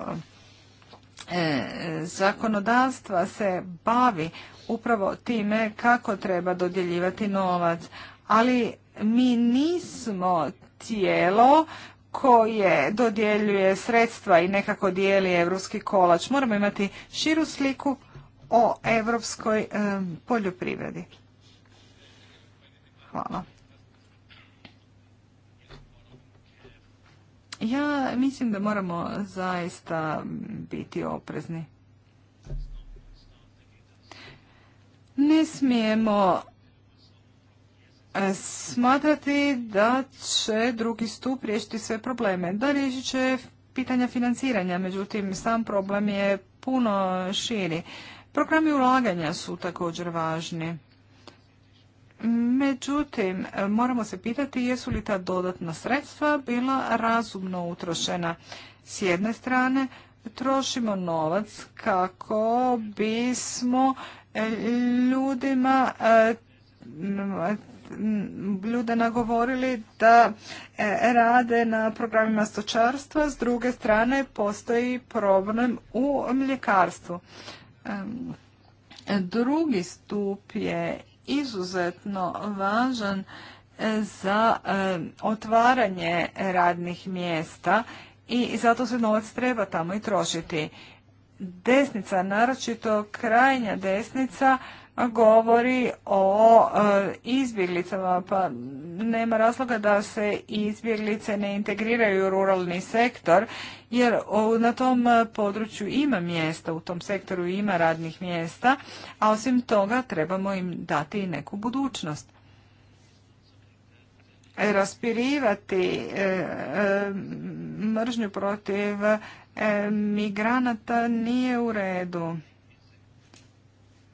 Speaker 2: e, zakonodavstva se bavi upravo time kako treba dodjeljivati novac, ali mi nismo tijelo koje dodjeljuje sredstva i nekako dijeli europski kolač. Moramo imati širu sliku o europskoj e, poljoprivredi. Hvala. Ja mislim da moramo zaista biti oprezni. Ne smijemo e, smatrati da će drugi stup riješiti sve probleme. Da riješit će pitanja financiranja, međutim sam problem je puno širi. Programi ulaganja su također važni. Međutim, moramo se pitati jesu li ta dodatna sredstva bila razumno utrošena. S jedne strane, trošimo novac kako bismo e, ljudima e, ljude nagovorili da e, rade na programima stočarstva, s druge strane postoji problem u mljekarstvu. Drugi stup je izuzetno važan e, za e, otvaranje radnih mjesta i zato se novac treba tamo i trošiti. Desnica, naročito krajnja desnica, govori o e, izbjeglicama, pa nema razloga da se izbjeglice ne integriraju u ruralni sektor, jer na tom e, području ima mjesta, u tom sektoru ima radnih mjesta, a osim toga trebamo im dati i neku budućnost. E, raspirivati mržnju protiv migranata nije u redu.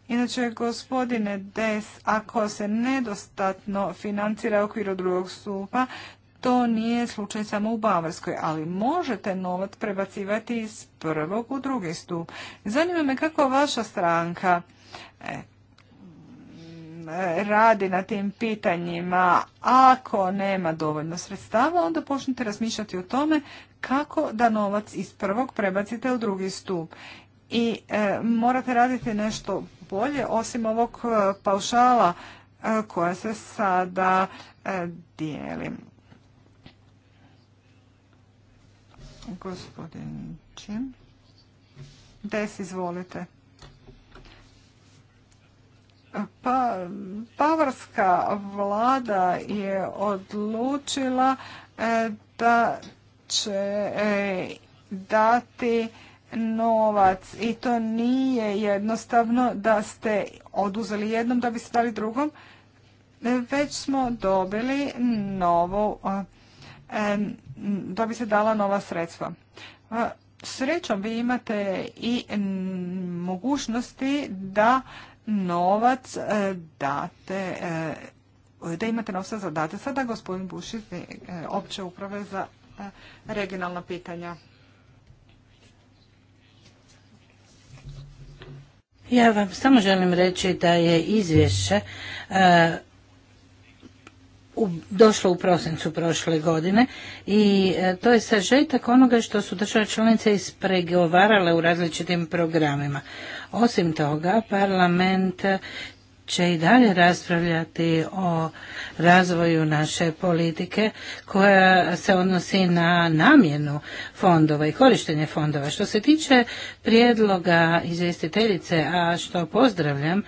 Speaker 2: Inače, gospodine Des, ako se nedostatno financira u okviru drugog stupa, to nije slučaj samo u Bavarskoj, ali možete novac prebacivati iz prvog u drugi stup. Zanima me kako vaša stranka e, radi na tim pitanjima. Ako nema dovoljno sredstava, onda počnite razmišljati o tome kako da novac iz prvog prebacite u drugi stup. I e, morate raditi nešto bolje osim ovog e, paušala e, koja se sada e, dijeli. Gospodin Čim. Des, izvolite. Pa, vlada je odlučila da će dati novac i to nije jednostavno da ste oduzeli jednom da biste dali drugom, već smo dobili novo, da bi se dala nova sredstva. Srećom vi imate i mogućnosti da novac e, date, e, da imate novca za date. Sada gospodin Bušić e, opće uprave za regionalna pitanja.
Speaker 3: Ja vam samo želim reći da je izvješće e, došlo u prosincu prošle godine i e, to je sažetak onoga što su države članice ispregovarale u različitim programima. Osim toga, parlament će i dalje raspravljati o razvoju naše politike koja se odnosi na namjenu fondova i korištenje fondova. Što se tiče prijedloga izvjestiteljice, a što pozdravljam,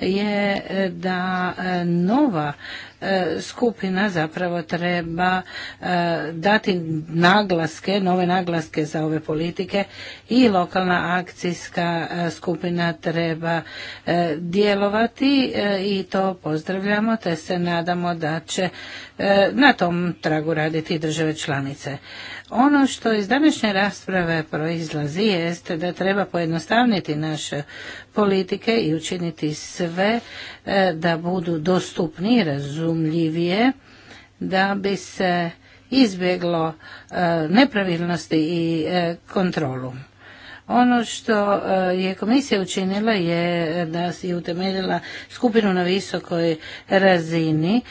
Speaker 3: je da nova E, skupina zapravo treba e, dati naglaske, nove naglaske za ove politike i lokalna akcijska e, skupina treba djelovati i to pozdravljamo te se nadamo da će E, na tom tragu raditi države članice. Ono što iz današnje rasprave proizlazi jest da treba pojednostavniti naše politike i učiniti sve e, da budu dostupnije, razumljivije, da bi se izbjeglo e, nepravilnosti i kontrolu. Ono što e, je komisija učinila je e, da je utemeljila skupinu na visokoj razini, e,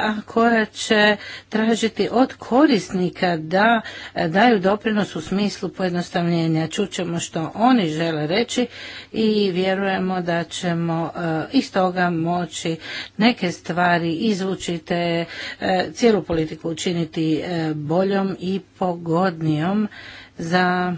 Speaker 3: a koja će tražiti od korisnika da daju doprinos u smislu pojednostavljenja. Čućemo što oni žele reći i vjerujemo da ćemo iz toga moći neke stvari izvući te cijelu politiku učiniti boljom i pogodnijom za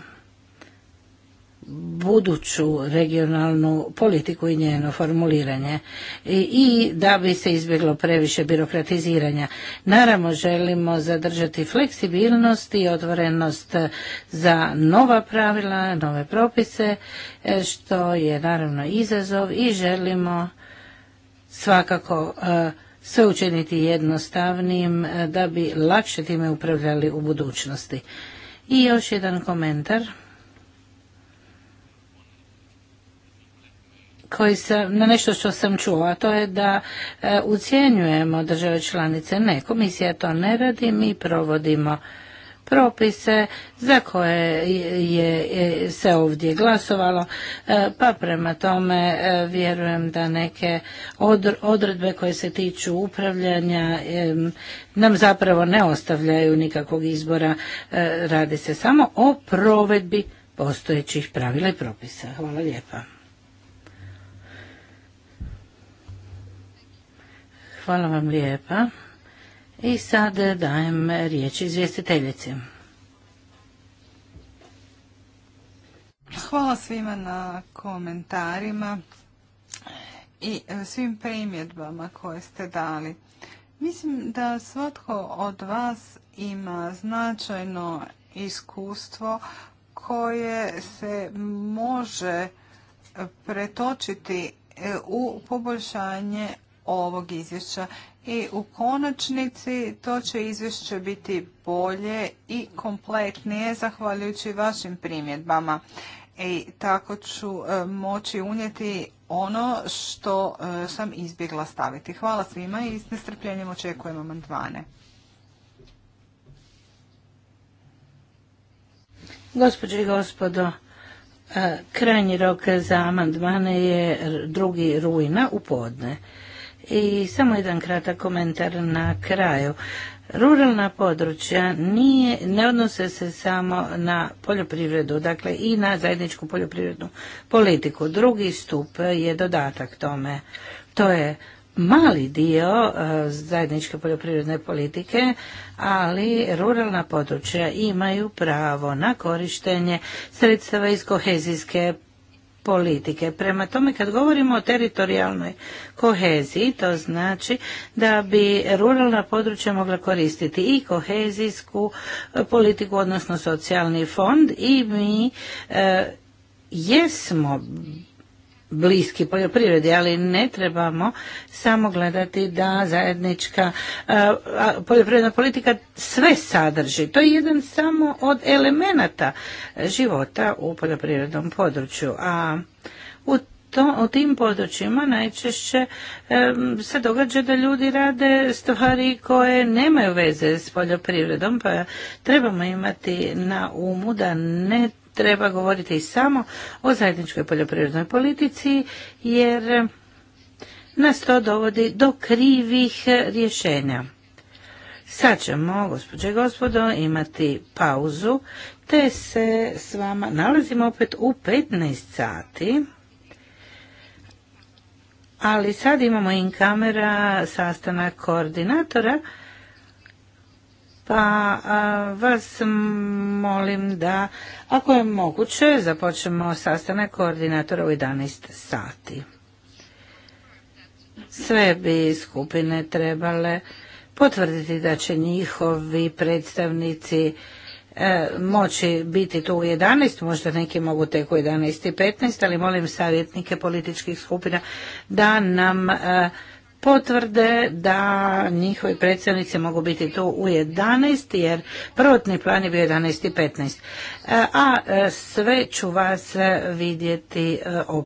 Speaker 3: buduću regionalnu politiku i njeno formuliranje I, da bi se izbjeglo previše birokratiziranja. Naravno želimo zadržati fleksibilnost i otvorenost za nova pravila, nove propise, e, što je naravno izazov i želimo svakako e, sve učiniti jednostavnijim e, da bi lakše time upravljali u budućnosti. I još jedan komentar koji sam, na nešto što sam čula, to je da e, ucjenjujemo države članice. Ne, komisija to ne radi, mi provodimo propise za koje je, je se ovdje glasovalo, e, pa prema tome e, vjerujem da neke odredbe koje se tiču upravljanja nam zapravo ne ostavljaju nikakvog izbora, radi se samo o provedbi postojećih pravila i propisa. Hvala lijepa. Hvala vam lijepa. I sad dajem riječ izvjestiteljici.
Speaker 2: Hvala svima na komentarima i e, svim primjedbama koje ste dali. Mislim da svatko od vas ima značajno iskustvo koje se može pretočiti e, u poboljšanje ovog izvješća. I u konačnici to će izvješće biti bolje i kompletnije zahvaljujući vašim primjedbama. I tako ću e, moći unijeti ono što e, sam izbjegla staviti. Hvala svima i s nestrpljenjem očekujem amandmane.
Speaker 3: Gospođe i gospodo, e, krajnji rok za amandmane je drugi rujna u podne. I samo jedan kratak komentar na kraju. Ruralna područja nije, ne odnose se samo na poljoprivredu, dakle i na zajedničku poljoprivrednu politiku. Drugi stup je dodatak tome. To je mali dio e, zajedničke poljoprivredne politike, ali ruralna područja imaju pravo na korištenje sredstava iz kohezijske politike. Prema tome kad govorimo o teritorijalnoj koheziji, to znači da bi ruralna područja mogla koristiti i kohezijsku e, politiku, odnosno socijalni fond i mi e, jesmo bliski poljoprivredi, ali ne trebamo samo gledati da zajednička e, poljoprivredna politika sve sadrži. To je jedan samo od elemenata života u poljoprivrednom području, a u tim područjima najčešće e, se događa da ljudi rade stvari koje nemaju veze s poljoprivredom, pa trebamo imati na umu da ne treba govoriti samo o zajedničkoj poljoprivrednoj politici jer nas to dovodi do krivih rješenja. Sad ćemo, gospođe i gospodo, imati pauzu, te se s vama nalazimo opet u 15 sati. Ali sad imamo in kamera sastanak koordinatora pa vas molim da, ako je moguće, započnemo sastanak koordinatora u 11 sati. Sve bi skupine trebale potvrditi da će njihovi predstavnici e, moći biti tu u 11, možda neki mogu tek u 11 i 15, ali molim savjetnike političkih skupina da nam e, potvrde da njihovi predstavnici mogu biti tu u 11 jer prvotni plan je bio 11 i 15. E, a e, sve ću vas e, vidjeti